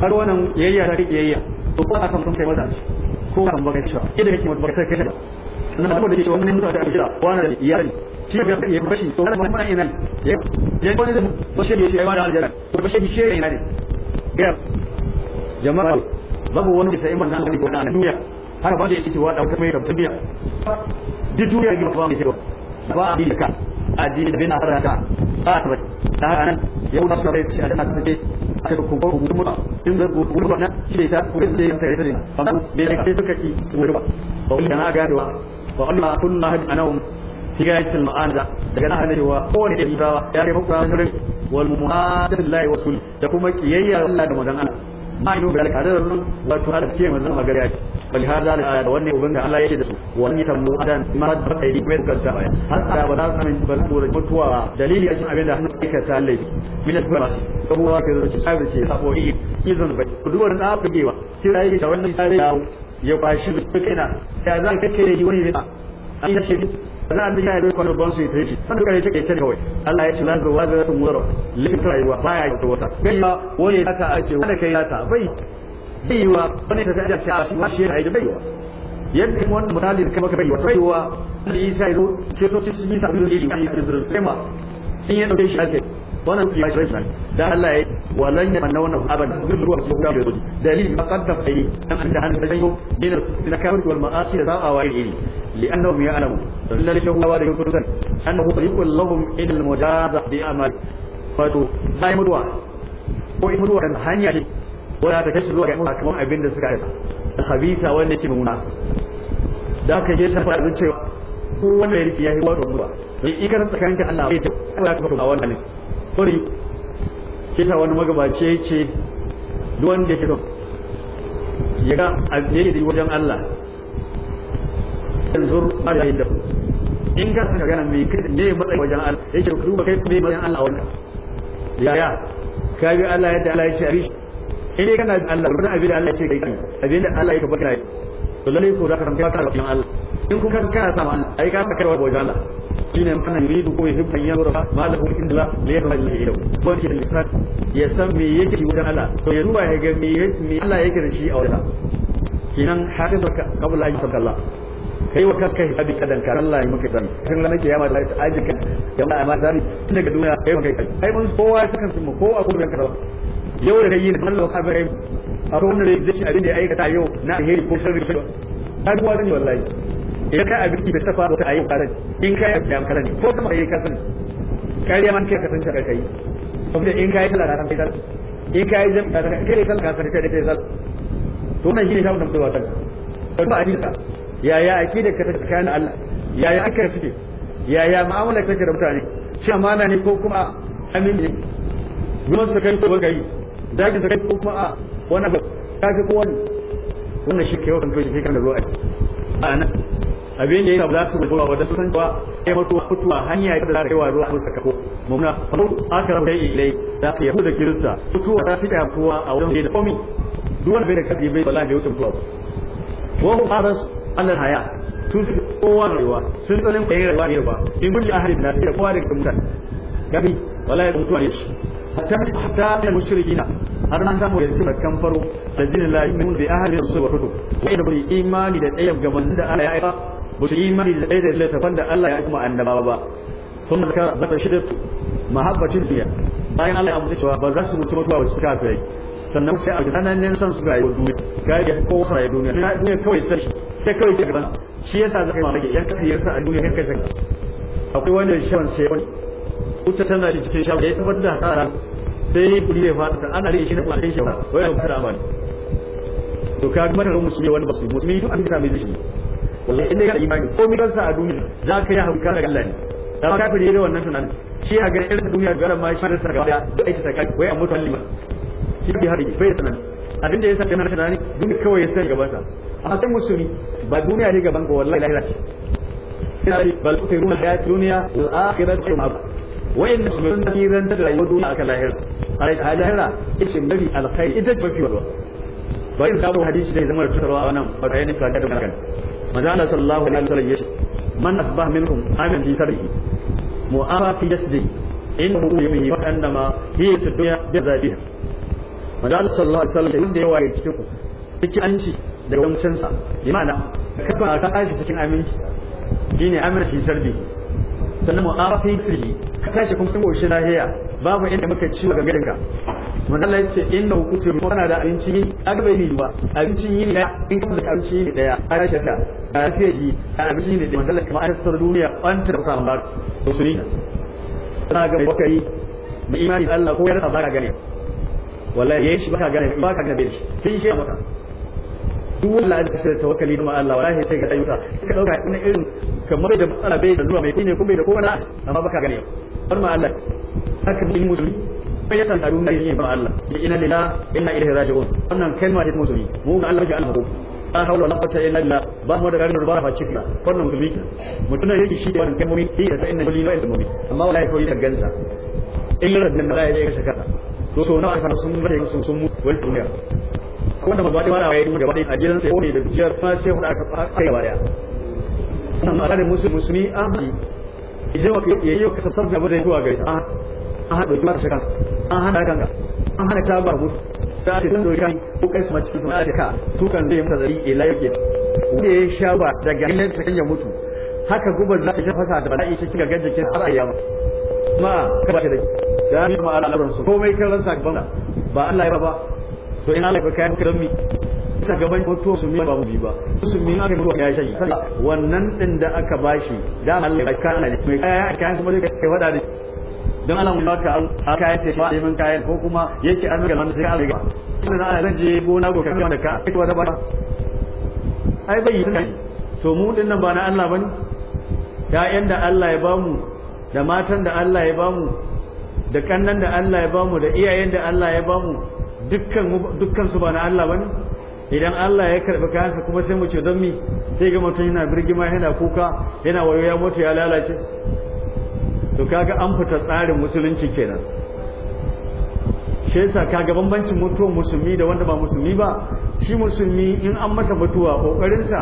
har wannan yayya to san kai ko kan baka cewa idan kake baka sai kai na da mutum da cewa wannan mutum da kira wani iyali shi ga ya bashi to wannan mutum ina ya ya wani da bashi shi ya wani aljara to bashi shi ina ne ga jama'a babu wani sai mun nan ko nan duniya haka ba da yake cewa da wata mai rabtabiya duk duniya ga ba mai cewa ba a bi ka addini da bin asara ba ta ta nan yau da suka bai shi a dana a kai ku ku mutu in da ku mutu nan shi ne ku da yin tare tare amma bai da kai suka ki ba ba wani kana ga cewa wa Allah kunna hadi anahum fi gayatil ma'anda daga nan hada cewa kowane da ibawa ya kai muku ran wal muhadallahi wa sul da kuma kiyayya Allah da magan Allah ma ido bil kadir wa to hada ce manzon magariya ce bal hada da ayat wannan ubin da Allah yake da su wannan ita mu adan ma da kai ko da ta baya hatta ba za su min bar su mutuwa dalili a cikin abin da hannu yake ta Allah min da ba bas kuma ka zai ci sabi ce sabo yi zan izon bai kuduwar na afgewa sai ya yi da wannan sai ya kwashi duk ina ya zan kake yi wani ne a yi za a da ya yi kwanar bansu ya tare shi san duka ya ta kawai Allah ya ce lan zuwa da ta mura lifin rayuwa baya yi wata bai ma wani ya ta a ce kai ta bai bai yi wa wani ta ta a shi ya yi bai wa yadda kai maka bai wa bai wa da isa ya zo ke to ci su bisa a yi zuwa ma in ya dauke shi ake wannan ya shi rai da Allah ya walan ya manna wannan aban duk ruwa su da yau dalil ma qaddam ai dan an da an da yau bin da kafir wal ma'asi da za'a wa ili li'annahum ya'lamu illa lahu wa la yuqsan annahu tariqul lahum ila mujaza bi amal wato sai mutuwa ko in mutuwa dan hanya ne wala ta kashi zuwa ga kamar abin da suka yi habita wanda yake muna da aka je shafa da cewa ko wanda ya rike ya yi mutuwa ne ikar tsakanin Allah bai ta ya ka fara kuri kisa wani magabaci ya ce duk wanda ya ya ga alheri wajen Allah yanzu ba da yi yadda in ka saka gana mai kai ne matsayi wajen Allah ya ce kuru ba kai ne matsayin Allah a wannan ya ya ka bi Allah yadda Allah ya ce a rishi in ne kana bi Allah wani abin da Allah ya ce kai abin da Allah ya ka bakina baka to lalai ko za ka san kai ka Allah in kuka kana sa ma ai ka maka kawai bojan Allah shine man yuridu ko yuhibbu an wurfa ma lahu inda la la yahma ilayhi ko shi lisan ya san me yake shi wajen Allah to ya duba ya ga me me Allah yake da shi a wajen kinan hafizu qabla an yusaka Allah kai wa kanka hisabi kadan ka Allah ya maka sani kan ranar kiyama da ta aji kan ma amma sani tun daga duniya kai maka kai ai mun kowa sukan sun mu kowa kuma kanka yau da kai ne Allah ka bare mu akwai wanda zai ci abin da ya aikata yau na heri ko sharri ba ta duwa ne wallahi idan ka abinci bai tafa wata ayi karan in ka kai ya ne. ko kuma kai ka sani kariya man kai ka san ka kai kuma in ka yi ka san kai in kai jam ka san kai sallah ka san kai kai sallah to wannan shine shawun da mutum wata to ba ajinka yaya akida ka ta kana Allah yaya aka suke yaya mu'amala ka da mutane shi amana ne ko kuma amin ne gudun su kai ko gari dakin su kai ko kuma a wani abu ka fi kowane wannan shi ke yawan kan to shi kan da zo a nan abin da yake ba za su rubuwa wadda sun cewa ya mutu fituwa hanya da za ta kaiwa ruwa musa kako mumna famu aka rabu dai ilai da ka yahuda kirista fituwa ta fita kuwa a wajen da komi duk wanda bai da kabi bai wallahi bai wuce fituwa wa hum aras annal haya tun su kowa rayuwa sun tsalin kai rayuwa ne ba in kulli ahadin na sai kowa da mutan gabi wallahi mutuwa ne shi hatta hatta al mushrikina har an samu da kan faro da jinin lahi mun bi ahli su wa kutub wa da bi imani da tsayyab gaban da Allah ya aika ba su imani da ɗaya da littafan da Allah ya kuma ba sun da ka zata shida mahabbacin duniya bayan Allah ya amsa cewa ba za su mutu mutuwa ba su kafirai sannan sai a tsananin san su rayu duniya ga ko kowa rayu duniya duniya kawai sai sai kawai ke gaban shi yasa zaka yi mamaki yan kafiyar yasa a duniya kai kashin akwai wani shawan sai wani wuta tana shi cikin shawan ya tabbatar da sai ya kuri ya fata ana rage shi na kwanin shawan wai ba fara amani to ka ga matarin ne wani basu musulmi duk an gina mai zai wallahi inda ka imani ko mi kansa a duniya za ka yi hakka daga Allah ne da ka fire da wannan tunanin shi a garin irin duniya garan ma shi da sa da aita ta wai a mutu halima shi bi hari bai sanan abin da yasa kana tunani duniya kawai ya san gaban sa a kan musulmi ba duniya ne gaban ko wallahi lahira ce bal tutiruna hayat dunya wal akhiratu ma'ab wa'inda su sun tiran da rayuwar duniya akan lahira a lahira ishe mari alkhairi ita ce mafi walwa ba yin samun hadisi da zama da tutarwa a wannan ba ta yi nufi da magana manzo Allah sallallahu alaihi wasallam yace man asbah minkum amin fi sarhi mu'afa fi jasdi innahu yuhi wa annama hiya dunya bi zabiha manzo Allah sallallahu alaihi wasallam inda yawa yake ku kike an ci da gamcin sa imana kafa ka tashi cikin aminci shine amin fi sarhi sannan mu'afa fi sarhi ka tashi kun kuma shi lahiya babu inda muka ci ga gidanka wanda Allah ya ce inna hukutu kana da abincin yi aka ba abincin yi ne in kuma da abincin yi daya a rashin lafiya ji ana mishi ne da manzala kamar an sar duniya an ta rufa ba to su ne sana ga bakari da imani Allah ko ya rasa baka gane wallahi yayin shi baka gane baka gane shi sai shi maka duk wallahi da sai tawakkali da Allah wallahi shi ga ayyuka sai ka dauka ina irin kamar da matsala bai da zuwa mai ne kuma bai da kowa amma baka gane har ma Allah haka ne musulmi bai ya tantaru na yin ba Allah ina lillahi inna ilaihi raji'un wannan kalma ce musulmi mu ga Allah ya alhaku la hawla wala quwwata illa billah ba mu da garin rubara fa cikin wannan musulmi mutum yake shi da wannan kalmomi shi da sai ne dole ne da amma wallahi ko yake gansa illa raddan da ya kashe kasa to so na aka sun bare sun mu wai sun ya wai da a sai ko ne da jiyar fa sai aka gaba nan da idan da zuwa gari a ah, a ah, hada kuma shaka an ah, hana kanka an ta ba musu ta ce sun doka ko kai su maciki kuma ka tukan zai masa zari ila yake wanda ya sha ba daga ta kanya mutu haka guba za ta fasa da bala'i cikin kiga jikin har ayyam ma ka ba da da ni ma al'amuran su komai kan ransa gaban ba Allah ya ba to ina laifin kayan ka mi ta gaban hoto su mi ba mu bi ba su mi na mu ya shi wannan din da aka bashi da Allah ya kana ne mai kaya kayan su ba kai wada da don ana mun baka a kayan ta ba neman kayan ko kuma yake an ga lamu sai ka ga za na zan je gona go kan da ka kai da ba ai bai yi kai to mu din nan ba na Allah bane yan da Allah ya bamu da matan da Allah ya bamu da kannan da Allah ya bamu da iyayen da Allah ya bamu dukkan dukkan su ba na Allah bane idan Allah ya karɓi kayansa kuma sai mu ce don mi sai ga mutum yana birgima yana kuka yana wayo ya mutu ya lalace to kaga an fita tsarin musulunci kenan shesa kaga bambancin mutuwa musulmi da wanda ba musulmi ba shi musulmi in an masa mutuwa kokarinsa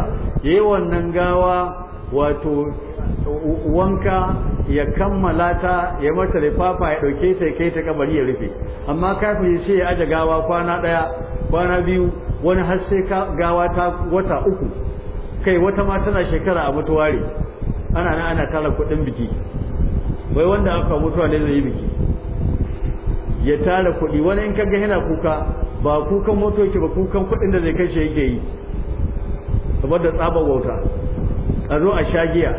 ya yi wannan gawa wato wanka ya kammala ta ya mata lifafa ya dauke ta ya kai ta kabari ya rufe amma kafin ya ce ya aje gawa kwana daya kwana biyu wani har sai gawa ta wata uku kai wata ma tana shekara a mutuware ana nan ana tara kuɗin biki wai wanda aka mutuwa ne zai yi biki ya tara kuɗi wani in kaga yana kuka ba kukan motoci ba kukan kuɗin da zai kai shi yake yi saboda tsabar wauta a zo a shagiya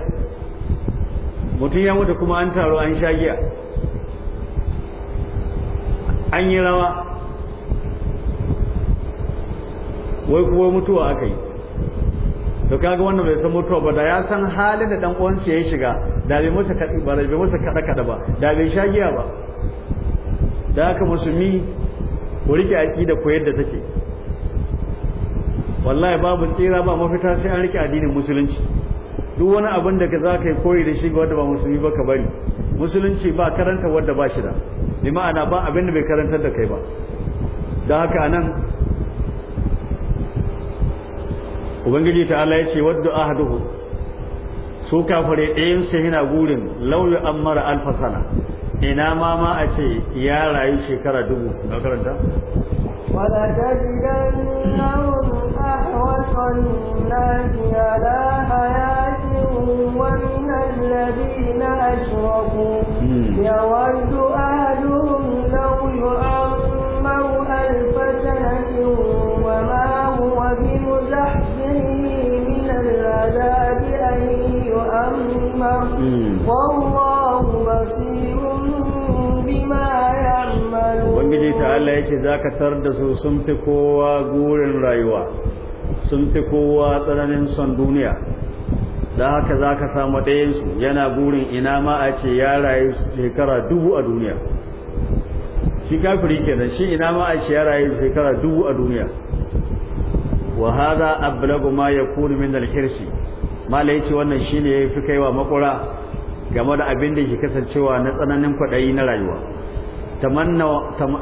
mutum ya mutu kuma an taro an shagiya an yi rawa wai kuwa mutuwa aka yi to kaga wannan bai san mutuwa ba da ya san halin da dan uwansa ya shiga da bai masa kaɗi ba da bai masa kaɗa kaɗa ba da bai sha giya ba da haka musulmi ku rike aƙida ku yadda take wallahi babu tsira ba mafita sai an rike addinin musulunci duk wani abin da za ka yi koyi da shi ga wanda ba musulmi ba ka bari musulunci ba karanta wanda ba shi da bi ma'ana ba abin da bai karantar da kai ba da haka anan ubangiji ta'ala ya ce wadda ahaduhu su kafare ɗayan su yana gurin lauyi an mara alfasana ina ma ma a ce ya rayu shekara dubu ga karanta ولتجدنهم أحوص الناس على حياة وما هو بمزحزح جهنم والله بصير بما يعملون za ka tar da su sun fi kowa gurin rayuwa sun fi kowa tsananin son duniya da haka za ka samu ɗayensu yana gurin ina ma a ce ya rayu shekara dubu a duniya shi kafiri kenan shi ina ma a ce ya rayu shekara dubu a duniya wa hadha ablagu ma kuri min al mala wannan shine yafi wa makura game da abin da ke kasancewa na tsananin kwaɗayi na rayuwa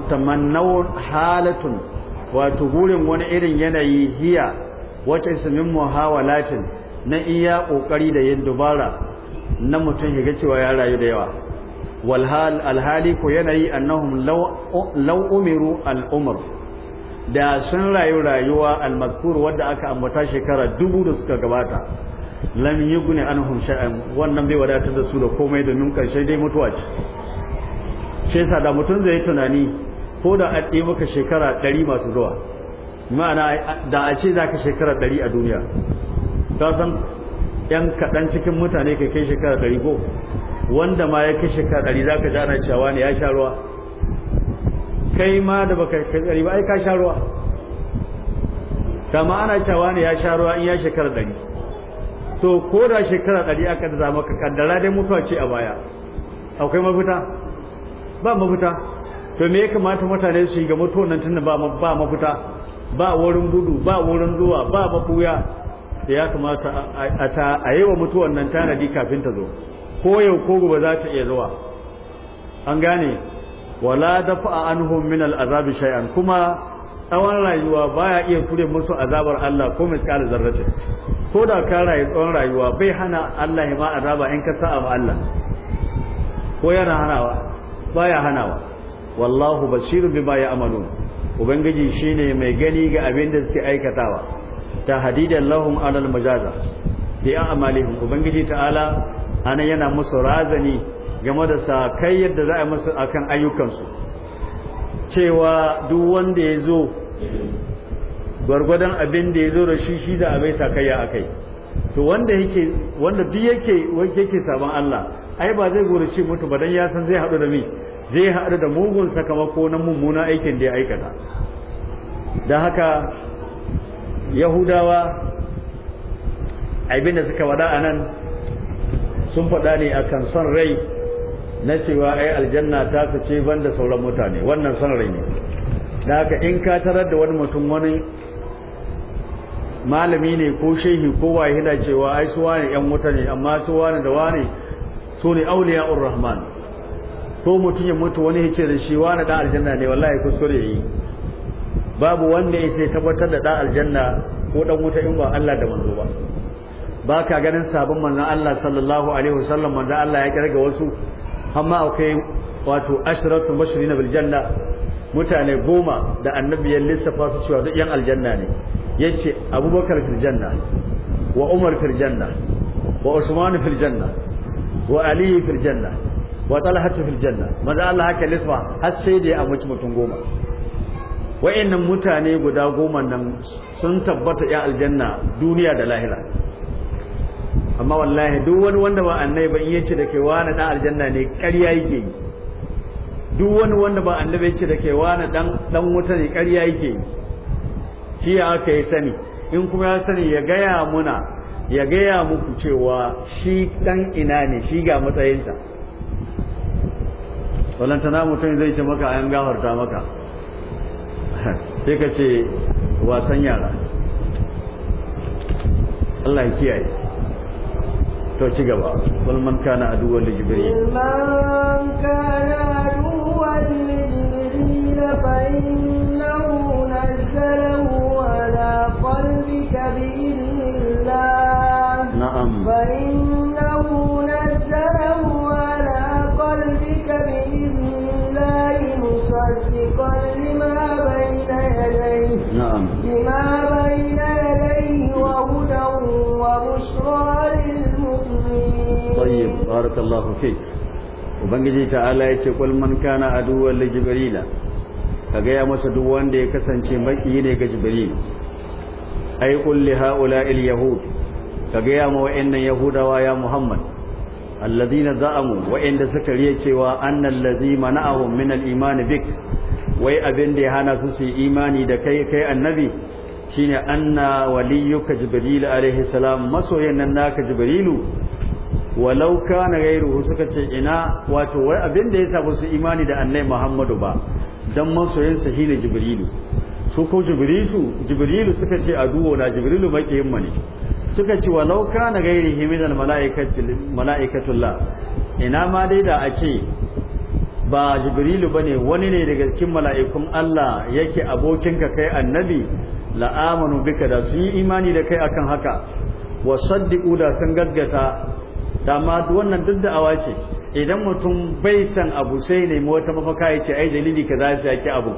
tamannau halatun wato burin wani irin yanayi hiya min ismin latin na iya kokari da yin dubara na mutum shiga cewa ya rayu da yawa walhal alhali ko yanayi annahum law umiru al'umar da sun rayu rayuwa almazkur wadda aka ambata shekara dubu da suka gabata lam yugni anhum shay'an wannan bai wadatar da su da komai domin karshe dai mutuwa ce sai sa da mutum zai tunani ko da a dai maka shekara ɗari masu zuwa ma'ana da a ce za shekara ɗari a duniya ta san yan kaɗan cikin mutane ka kai shekara ɗari ko wanda ma ya kai shekara ɗari za ji ana cewa ne ya sha ruwa kai ma da baka kai 100 ba ai ka sha ruwa kama ana cewa ne ya sha ruwa in ya shekara ɗari So ko da shekara ɗari aka da zama ka kaddara dai mutuwa ce a baya akwai mafita ba mafita to me ya kamata mutane su shiga mutuwa nan tun ba ba mafita ba wurin gudu ba wurin zuwa ba mafuya da ya kamata a ta a yi wa mutuwan nan ta tanadi kafin ta zo ko yau ko gobe za ta iya zuwa an gane wala dafa anhum min al azabi shay'an kuma tsawon rayuwa baya iya kure musu azabar Allah ko mai miskal zarrace ko da ka rayu tsawon rayuwa bai hana Allah ya ma azaba in ka sa'a ma Allah ko yana hanawa baya hanawa wallahu basirun bima ya'malun ubangiji shine mai gani ga abin da suke aikatawa ta hadidan lahum alal majaza bi a'malihim ubangiji ta'ala ana yana musu razani game da sa kai yadda za a musu akan ayyukansu cewa duk wanda ya zo gwargwadon abin da ya zo da shi shi da abai sakayya a kai to wanda yake wanda duk yake wanda yake sabon Allah ai ba zai ce mutu ba dan ya san zai haɗu da mi zai haɗu da mugun sakamako na mummuna aikin da ya aikata da haka yahudawa abin da suka wada nan sun faɗa ne a kan son rai na cewa ai aljanna ta ban banda sauran mutane wannan son rai ne da haka in ka tarar da wani mutum wani malami ne ko shehi ko waye yana cewa ai su wane yan wuta ne amma su wane da wane su ne auliya rahman ko mutum ya mutu wani ya ce da shi wane da aljanna ne wallahi kuskure yi babu wanda ya ce tabbatar da da aljanna ko dan wuta in ba Allah da manzo ba ba ka ganin sabon manzon Allah sallallahu alaihi wasallam manzo Allah ya kirga wasu amma akwai wato ashratu mushrina bil janna mutane goma da annabi ya lissafa su cewa duk yan aljanna ne yace abubakar fil janna wa umar fil janna wa usman fil janna wa ali fil janna wa talha fil janna maza Allah haka lissafa har sai dai a mutum mutum goma wa'annan mutane guda goma nan sun tabbata ya aljanna duniya da lahira amma wallahi duk wani wanda ba annai ba in yace da kai wani dan aljanna ne ƙarya yake yi duk wani wanda ba annabi yake ce da kai wani dan dan wuta ne ƙarya yake shi ya aka yi sani in kuma ya sani ya gaya muna ya gaya muku cewa shi dan ina ne shi ga matsayinsa tana mutum zai ce maka an gafarta maka sai ka ce wasan yara Allah ya kiyaye to ci gaba kul man kana aduwwan li jibril man kana aduwwan li jibril fa ala bi na'am ala bi lima na'am barakallahu fi ubangiji ta'ala ya ce kul man kana aduwwan li jibril ka gaya masa duk wanda ya kasance maki ne ga jibril ai kul li haula'il yahud ka gaya ma wa'annan yahudawa ya muhammad alladhina za'amu wa'anda suka riya cewa annal ladhi mana'ahum min al-iman bik wai abin da ya hana su su imani da kai kai annabi shine anna waliyuka jibril alaihi salam masoyan nan naka jibrilu walau kana gairuhu suka ce ina wato wai abin da ya sabu su imani da annai Muhammadu ba dan masoyin sa shine Jibrilu su ko Jibrilu Jibrilu suka ce duwo na Jibrilu mai mu ne suka ce walau kana na gairu malaikatullah ina ma dai da a ce ba Jibrilu ba ne wani ne daga cikin mala'ikun Allah yake abokinka kai annabi la'amanu bika da su yi imani da kai akan haka wa da sun gaggata dama wannan duk da awa ce idan mutum bai san abu sai nemi wata mafaka ya ce ai dalili kaza ya ki abu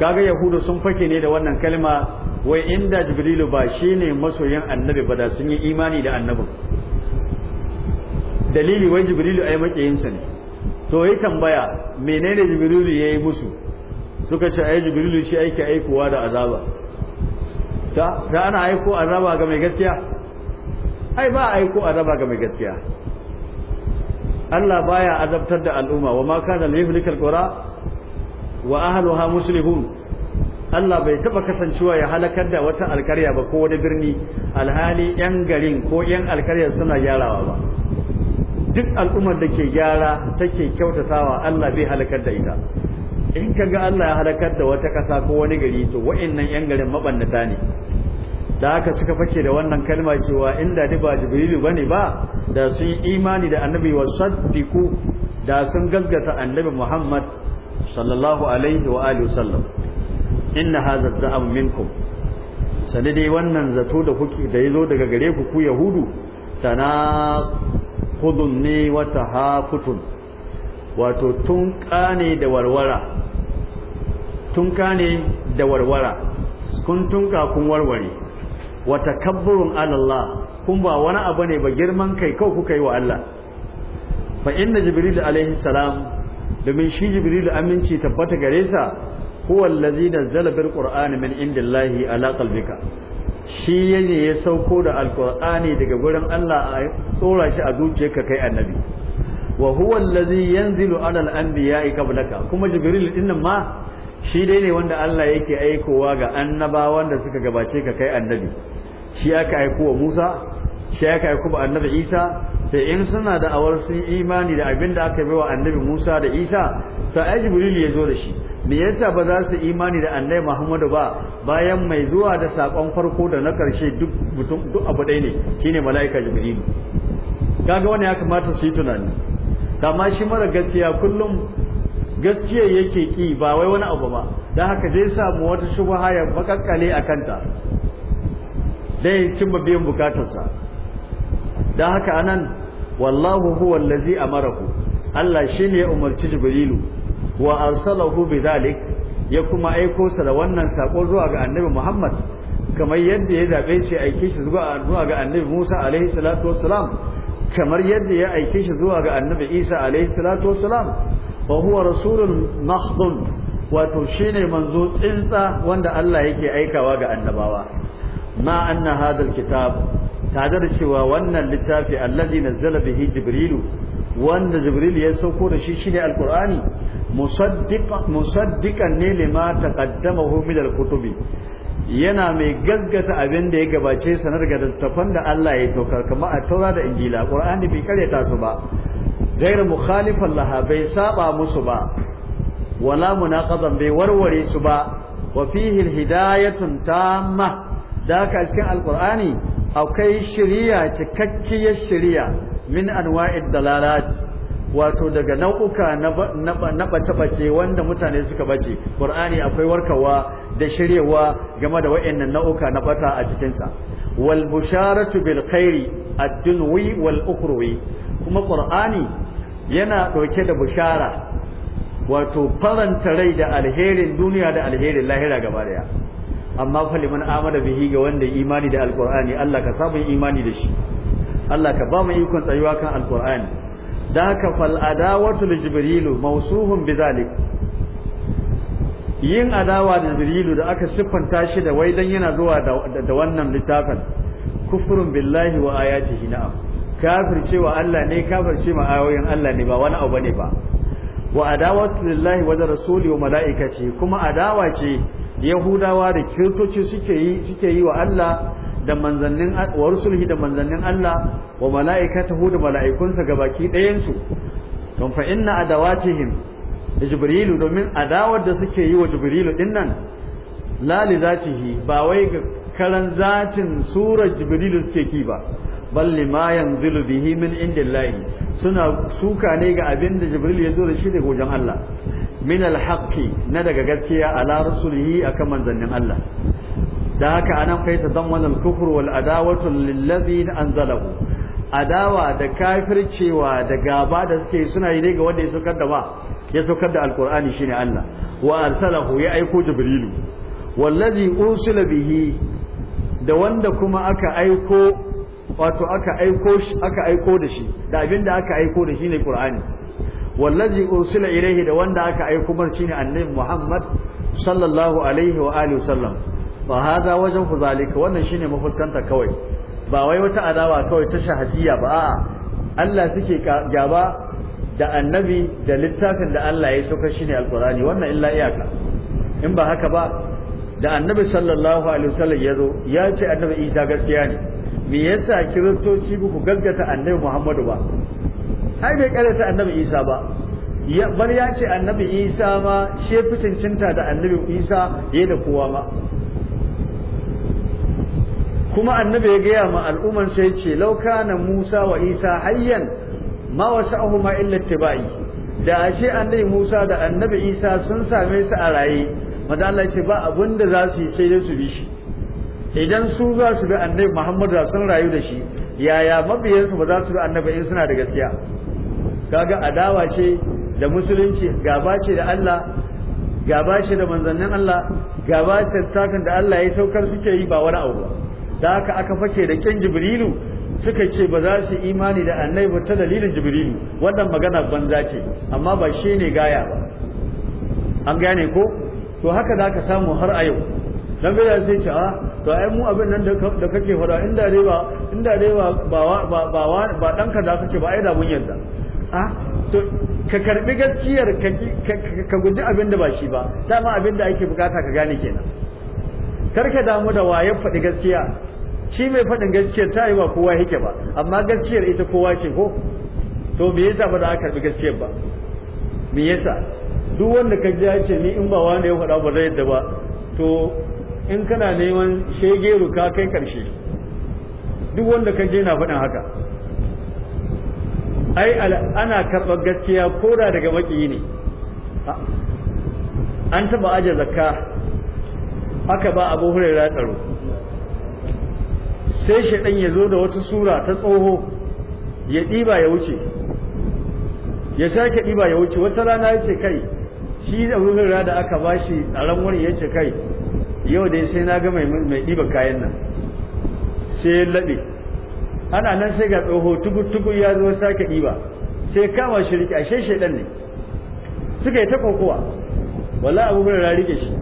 kaga yahudu sun fake ne da wannan kalma wai inda jibrilu ba shine masoyin annabi ba da sun yi imani da annabin dalili wai jibrilu ai makiyinsa ne to yi tambaya menene jibrilu yayi musu suka ce ai jibrilu shi aiki aikowa da azaba ta ana aiko azaba ga mai gaskiya ai ba aiko ko azaba ga mai gaskiya Allah baya azabtar da al'umma wa ma kana liyuhlikal qura wa ahluha muslimun Allah bai taba kasancewa ya halakar da wata alkarya ba ko wani birni alhali yan garin ko yan alƙarya suna gyarawa ba duk al'ummar da ke gyara take kyautatawa Allah bai halakar da ita in kaga Allah ya halakar da wata ƙasa ko wani gari to wa'annan yan garin mabannata ne da aka suka fake da wannan kalma cewa inda da ba jibrilu bane ba da sun imani da annabi wa saddiku da sun gaggata annabi Muhammad sallallahu alaihi wa alihi wasallam inna hadha da'am minkum sani dai wannan zato da kuke da yazo daga gare ku ku yahudu tana khudun ne wa tahafutun wato tun kane da warwara tun kane da warwara kun tunka kun warware wa takabburun ala Allah kun ba wani abu ne ba girman kai kawai kuka yi wa Allah fa inna jibril alaihi salam domin shi jibril aminci tabbata gare sa huwa allazi nazzala bil qur'ani min indillahi ala qalbika shi yake ya sauko da alqur'ani daga gurin Allah a tsora shi a zuciyarka kai annabi wa huwa allazi yanzilu ala al-anbiya'i qablaka kuma jibril din ma shi dai ne wanda Allah yake aikowa ga annabawan da suka gabace ka kai annabi shi aka aiko wa Musa shi aka aiko wa annabi Isa sai in suna da awar su imani da abin da aka wa annabi Musa da Isa sai Ajibril ya zo da shi me yasa ba za su imani da annabi Muhammadu ba bayan mai zuwa da sakon farko da na karshe duk mutum duk abu ɗaya ne shine mala'ika Jibril kaga wani ya kamata su yi tunani amma shi mara gaskiya kullum gaskiya yake ki ba wai wani abu ba dan haka zai samu wata shubha ya bakakkale a kanta dai cimma biyan bukatarsa dan haka anan wallahu huwa allazi ku. Allah shine ya umarci Jibrilu wa arsalahu bidhalik ya kuma aiko sa da wannan sako zuwa ga Annabi Muhammad kamar yadda ya zabe shi aike shi zuwa ga Annabi Musa alaihi salatu wassalam kamar yadda ya aike shi zuwa ga Annabi Isa alaihi salatu wassalam fa huwa rasulun mahdun wato shine manzo tsinsa wanda Allah yake aikawa ga annabawa ma anna hadha kitab tare cewa wannan littafi allazi nazzala bihi jibrilu wanda jibril ya sauko da shi shine alqur'ani musaddiq musaddiqan ne lima taqaddamahu min alkutubi yana mai gaggata abin da ya gabace sanar ga littafan da Allah ya saukar kamar a taura da injila qur'ani bai karyata su ba Gaira mukhalifan laha bai saba musu ba wala munaqadan bai warware su ba wa fihi alhidayatun tamma da haka cikin alqur'ani akwai shiriya cikakkiyar shiriya min anwa'id dalalat wato daga nau'uka naɓace bace wanda mutane suka bace ƙur'ani akwai warkarwa da shiryawa game da wayannan nau'uka na bata a cikinsa wal busharatu bil khairi ad-dunwi wal ukhrawi kuma ƙur'ani yana ɗauke da bushara wato faranta rai da alherin duniya da alherin lahira gaba daya amma fa liman amana bihi ga wanda imani da Alƙur'ani, Allah ka samu imani da shi Allah ka ba mu ikon tsayuwa kan Alƙur'ani. da haka fal adawatu li jibril mawsuhun bidhalik yin adawa da jibril da aka siffanta shi da wai dan yana zuwa da wannan littafin kufurun billahi wa ayatihi na'am wa Allah ne kafirce ma ayoyin Allah ne ba wani abu ne ba wa adawatu lillahi wa rasuli wa malaikati kuma adawa ce yahudawa da kiristoci suke yi suke yi wa Allah da manzannin wa da manzannin Allah wa malaikatahu da malaikunsa gabaki ɗayan su don fa inna adawatihim jibrilu domin adawar da suke yi wa jibrilu dinnan la li ba wai ga karan zatin surar jibrilu suke ki ba balli ma yanzilu bihi min indillahi suna suka ne ga abin da jibril ya zo da shi daga wajen Allah min alhaqi na daga gaskiya ala rasulihi akan manzannin Allah da haka anan kai ta zamman al-kufr wal adawatu lillazi anzalahu adawa da kafircewa da gaba da suke suna yi ne ga wanda ya saukar da ba ya saukar da alqur'ani shine Allah wa arsalahu ya aiko jibrilu wallazi ursila bihi da wanda kuma aka aiko wato aka aiko shi aka aiko da shi da abin da aka aiko da shi ne Qur'ani wallazi ursila ilaihi da wanda aka aiko mar shine annabi Muhammad sallallahu alaihi wa alihi wasallam fa hada wajen ku zalika wannan shine mafuskanta kawai ba wai wata adawa kawai ta shahasiya ba a'a Allah suke gaba da annabi da littafin da Allah ya sauka shine alqur'ani wannan illa iyaka in ba haka ba da annabi sallallahu alaihi wasallam ya zo ya ce annabi Isa gaskiya ne me yasa kiristoci ba ku gaggata annabi Muhammadu ba ai bai karanta annabi Isa ba bar ya ce annabi Isa ma shi fi da annabi Isa yayin da kowa ma kuma annabi ya gaya ma al'umman sai ce law Musa wa Isa hayyan ma ma illa tibai da ashe annabi Musa da annabi Isa sun same su a raye maza Allah ce ba abinda za su yi sai dai su bi shi idan su za su bi annabi Muhammadu sun rayu da shi yaya mabiyansu ba za su bi annabi in suna da gaskiya kaga adawa ce da musulunci gaba ce da Allah gaba ce da manzannin Allah gaba ce takan da Allah ya saukar suke yi ba wani abu da haka aka fake da kyan jibrilu suka ce ba za su imani da annabi ba ta dalilin jibrilu wannan magana banza ce amma ba shine gaya ba an gane ko to haka za ka samu har a yau dan bida sai ce a ah, to ai mu abin nan da kake fara inda dai ba inda dai ba ba ba ba dan ka da kake ba ai da mun yarda a ah, to ka karbi gaskiyar ka guji abin da ba shi ba dama abin da ake bukata ka gane kenan kar ka damu da waye faɗi gaskiya shi mai faɗin gaskiyar ta yi ba kowa yake ba amma gaskiyar ita kowa ce ko to me yasa ba za a karbi gaskiyar ba me yasa duk wanda ka ji ya ce ni in ba wanda ya faɗa ba zai yadda ba to in kana neman shegeru ruka kai karshe duk wanda ka je na faɗin haka ai ana karɓar gaskiya koda daga makiyi ne an taɓa aje zakka aka ba abu hurairar tsaro sai shaɗan ya zo da wata sura ta tsoho ya ɗiba ya wuce ya sake ɗiba ya wuce wata rana ya ce kai shi da hurairar da aka bashi shi tsaron wani ya ce kai yau dai sai na ga mai ɗiba kayan nan sai ya laɓe ana nan sai ga tsoho tukutukun ya zo sake ɗiba sai kama shi rike ashe shaidan ne suka yi ta kokowa wala abu ya rike shi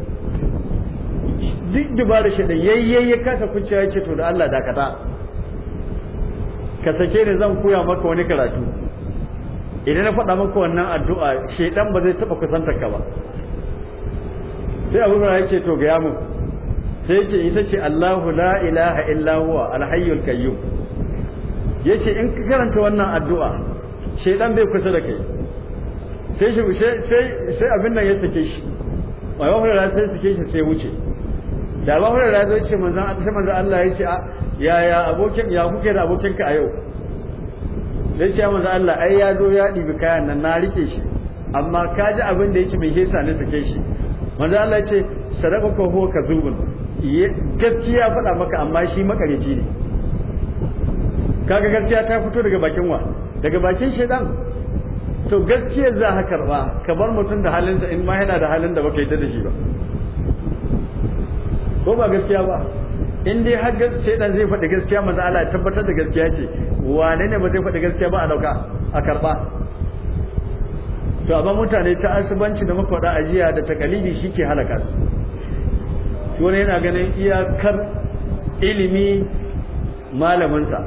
duk dubara shaidan yayyayi ya kasa kuciya ya ce to da Allah dakata ka sake ni zan koya maka wani karatu idan na faɗa maka wannan addu'a shaidan ba zai taɓa kusantar ka ba sai abu ya ce to gaya mu sai ce ita ce Allahu la ilaha illa huwa alhayyul qayyum yace in ka karanta wannan addu'a shedan bai kusa da kai sai shi sai sai abin nan ya take shi wai wahura da sai take shi sai wuce da wahura da zai ce manzon Allah manzon Allah yace ya ya abokin ya kuke da ka a yau sai ce manzon Allah ai ya zo ya dibi kayan nan na rike shi amma ka ji abin da yake mai hesa ne take shi manzo Allah yace sadaka ko ka kazubun gaskiya faɗa maka amma shi makareci ne kaga gaskiya ta fito daga bakin wa daga bakin shaidan to gaskiya za ka karba ka bar mutum da halinsa in ma yana da halin da baka yadda da shi ba ko ba gaskiya ba in dai har shedan zai faɗi gaskiya manzo Allah ya tabbatar da gaskiya ce wane ne ba zai faɗi gaskiya ba a dauka a karba to amma mutane ta asubanci da mafaɗa ajiya da takalidi shi ke halaka su wani yana ganin iyakar ilimi malaminsa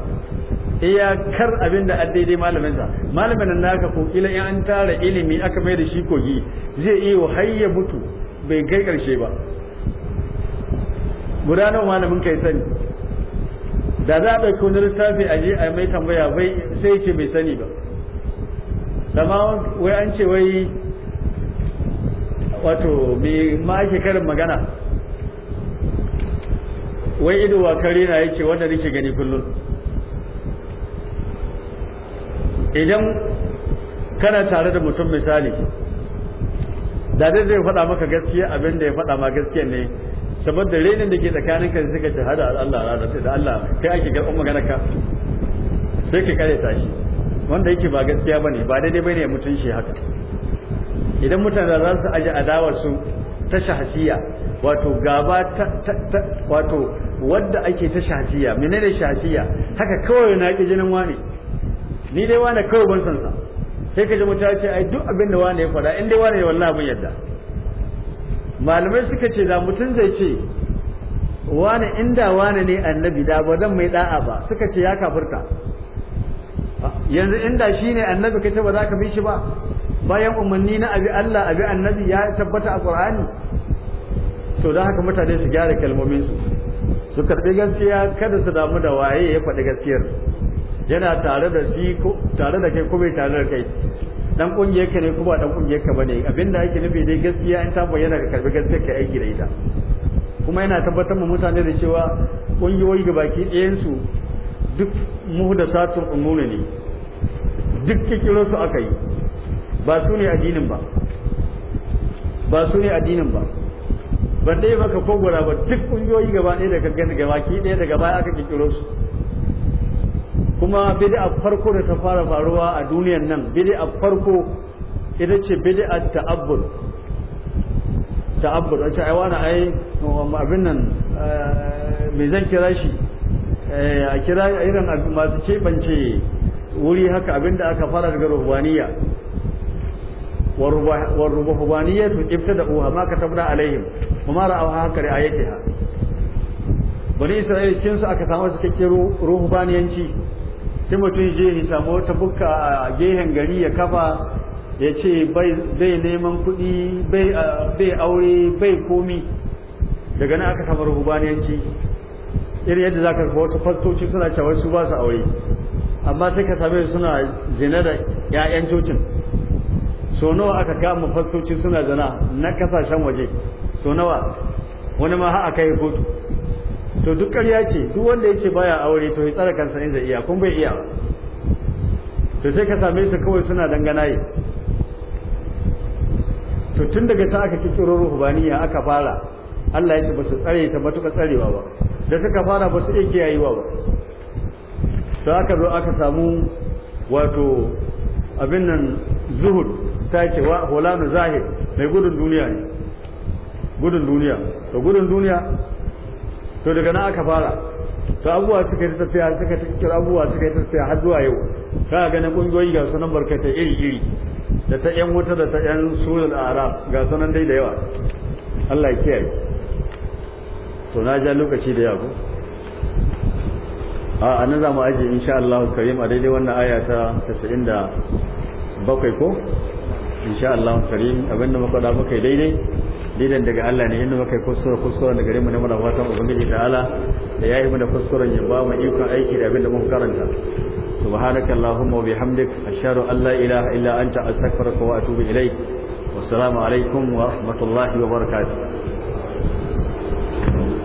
iyakar abin da daidai malaminsa malamin nan naka ko kila in an tara ilimi aka mai da shi kogi zai iya hayya mutu bai kai karshe ba gudanar malamin kai sani da za a ɗauki wani littafi a je a mai tambaya bai sai ce bai sani ba dama wai an ce wai wato mai ma ake karin magana wai ido wa kare na yake wanda nake gani kullum idan kana tare da mutum misali da dai zai faɗa maka gaskiya abin da ya faɗa ma gaskiya ne saboda renin da ke tsakanin ka suka shahada Allah da Allah kai ake karɓar magana ka sai ka kare tashi wanda yake ba gaskiya ba ne ba daidai ne mutun shi haka idan mutane za su aji adawarsu su ta shahasiya wato gaba ta wato wadda ake ta shahasiya da shahasiya haka kawai na ki jinin wani ni dai wani kawai ban san sa sai ka ji mutane ce ai duk abin da wani ya faɗa in dai wani ne wallahi mun yadda malamai suka ce da mutum zai ce wani inda wani ne annabi da ba zan mai da'a ba suka ce ya kafirta yanzu inda shine annabi kace ba za ka bi shi ba bayan umarni na abi Allah abi annabi ya tabbata a Qur'ani to da haka mutane su gyara kalmomin su su karbi gaskiya kada su damu da waye ya faɗi gaskiyar yana tare da shi ko tare da kai ko tare da kai dan kungiyar ka ne ko ba dan kungiyar ka bane abinda ake nufi dai gaskiya in ta bayyana ka karbi gaskiyar ka aiki da ita kuma yana tabbatar ma mutane da cewa kungiyoyi gabaki baki ɗayan su duk muhdasatun umuri ne duk kikiro su aka yi ba su ne addinin ba ba su ne addinin ba ban dai baka kogora ba duk kungiyoyi gaba ɗaya daga gani gaba ki ɗaya daga baya aka kikiro su kuma bid'a farko da ta fara faruwa a duniyar nan bid'a farko ita ce bid'a ta'abbur ta'abbur a ce ai wani ai abin nan eh, me zan kira shi Eh, a kira irin masu keɓance wuri haka abinda aka fara daga rubaniya rubaniya su ƙifta da Uwa ma ka tabna alaihim kuma ra'awa haka ri'ayati ha bani isra'ila cikin su aka samu cikakken rubaniyanci sai mutum je ya samu ta bukka a gehen gari ya kafa ya ce bai neman kuɗi bai aure bai komi daga nan aka samu rubaniyanci irin yadda zaka ga wata fastoci suna cewa su ba su aure amma sai ka same suna zina da ƴaƴan cocin so nawa aka kama fastoci suna zina na kasashen waje so nawa wani ma har aka yi kotu to duk ƙarya ce duk wanda ya ce baya aure to ya tsara kansa in zai iya kun bai iya to sai ka same su kawai suna dangana yi to tun daga ta aka ni ruhubaniya aka fara Allah ya ce ba su tsare ta matuƙa tsarewa ba da suka fara ba su iya kiyayewa ba to aka zo aka samu wato abin nan zuhud sake wa hulanu zahir mai gudun duniya ne gudun duniya to gudun duniya to daga nan aka fara to abubuwa suka yi tafiya suka tafiya abubuwa suka yi tafiya har zuwa yau ka ga na kungiyoyi ga sunan barkata iri iri da ta yan wuta da ta yan sulul arab ga sunan dai da yawa Allah ya kiyaye to na ja lokaci da yabo a anan za mu aje insha Allah karim a daidai wannan aya ta 97 ko insha Allah karim abinda muka da muka daidai daidan daga Allah ne inda muka kuskure kuskuren da garin mu ne muna fatan ubangiji ta'ala da yayi mu da kuskuren ya ba mu ikon aiki da abinda muka karanta subhanaka allahumma wa bihamdik ashhadu an la ilaha illa anta astaghfiruka wa atubu ilaik wassalamu alaikum wa rahmatullahi wa barakatuh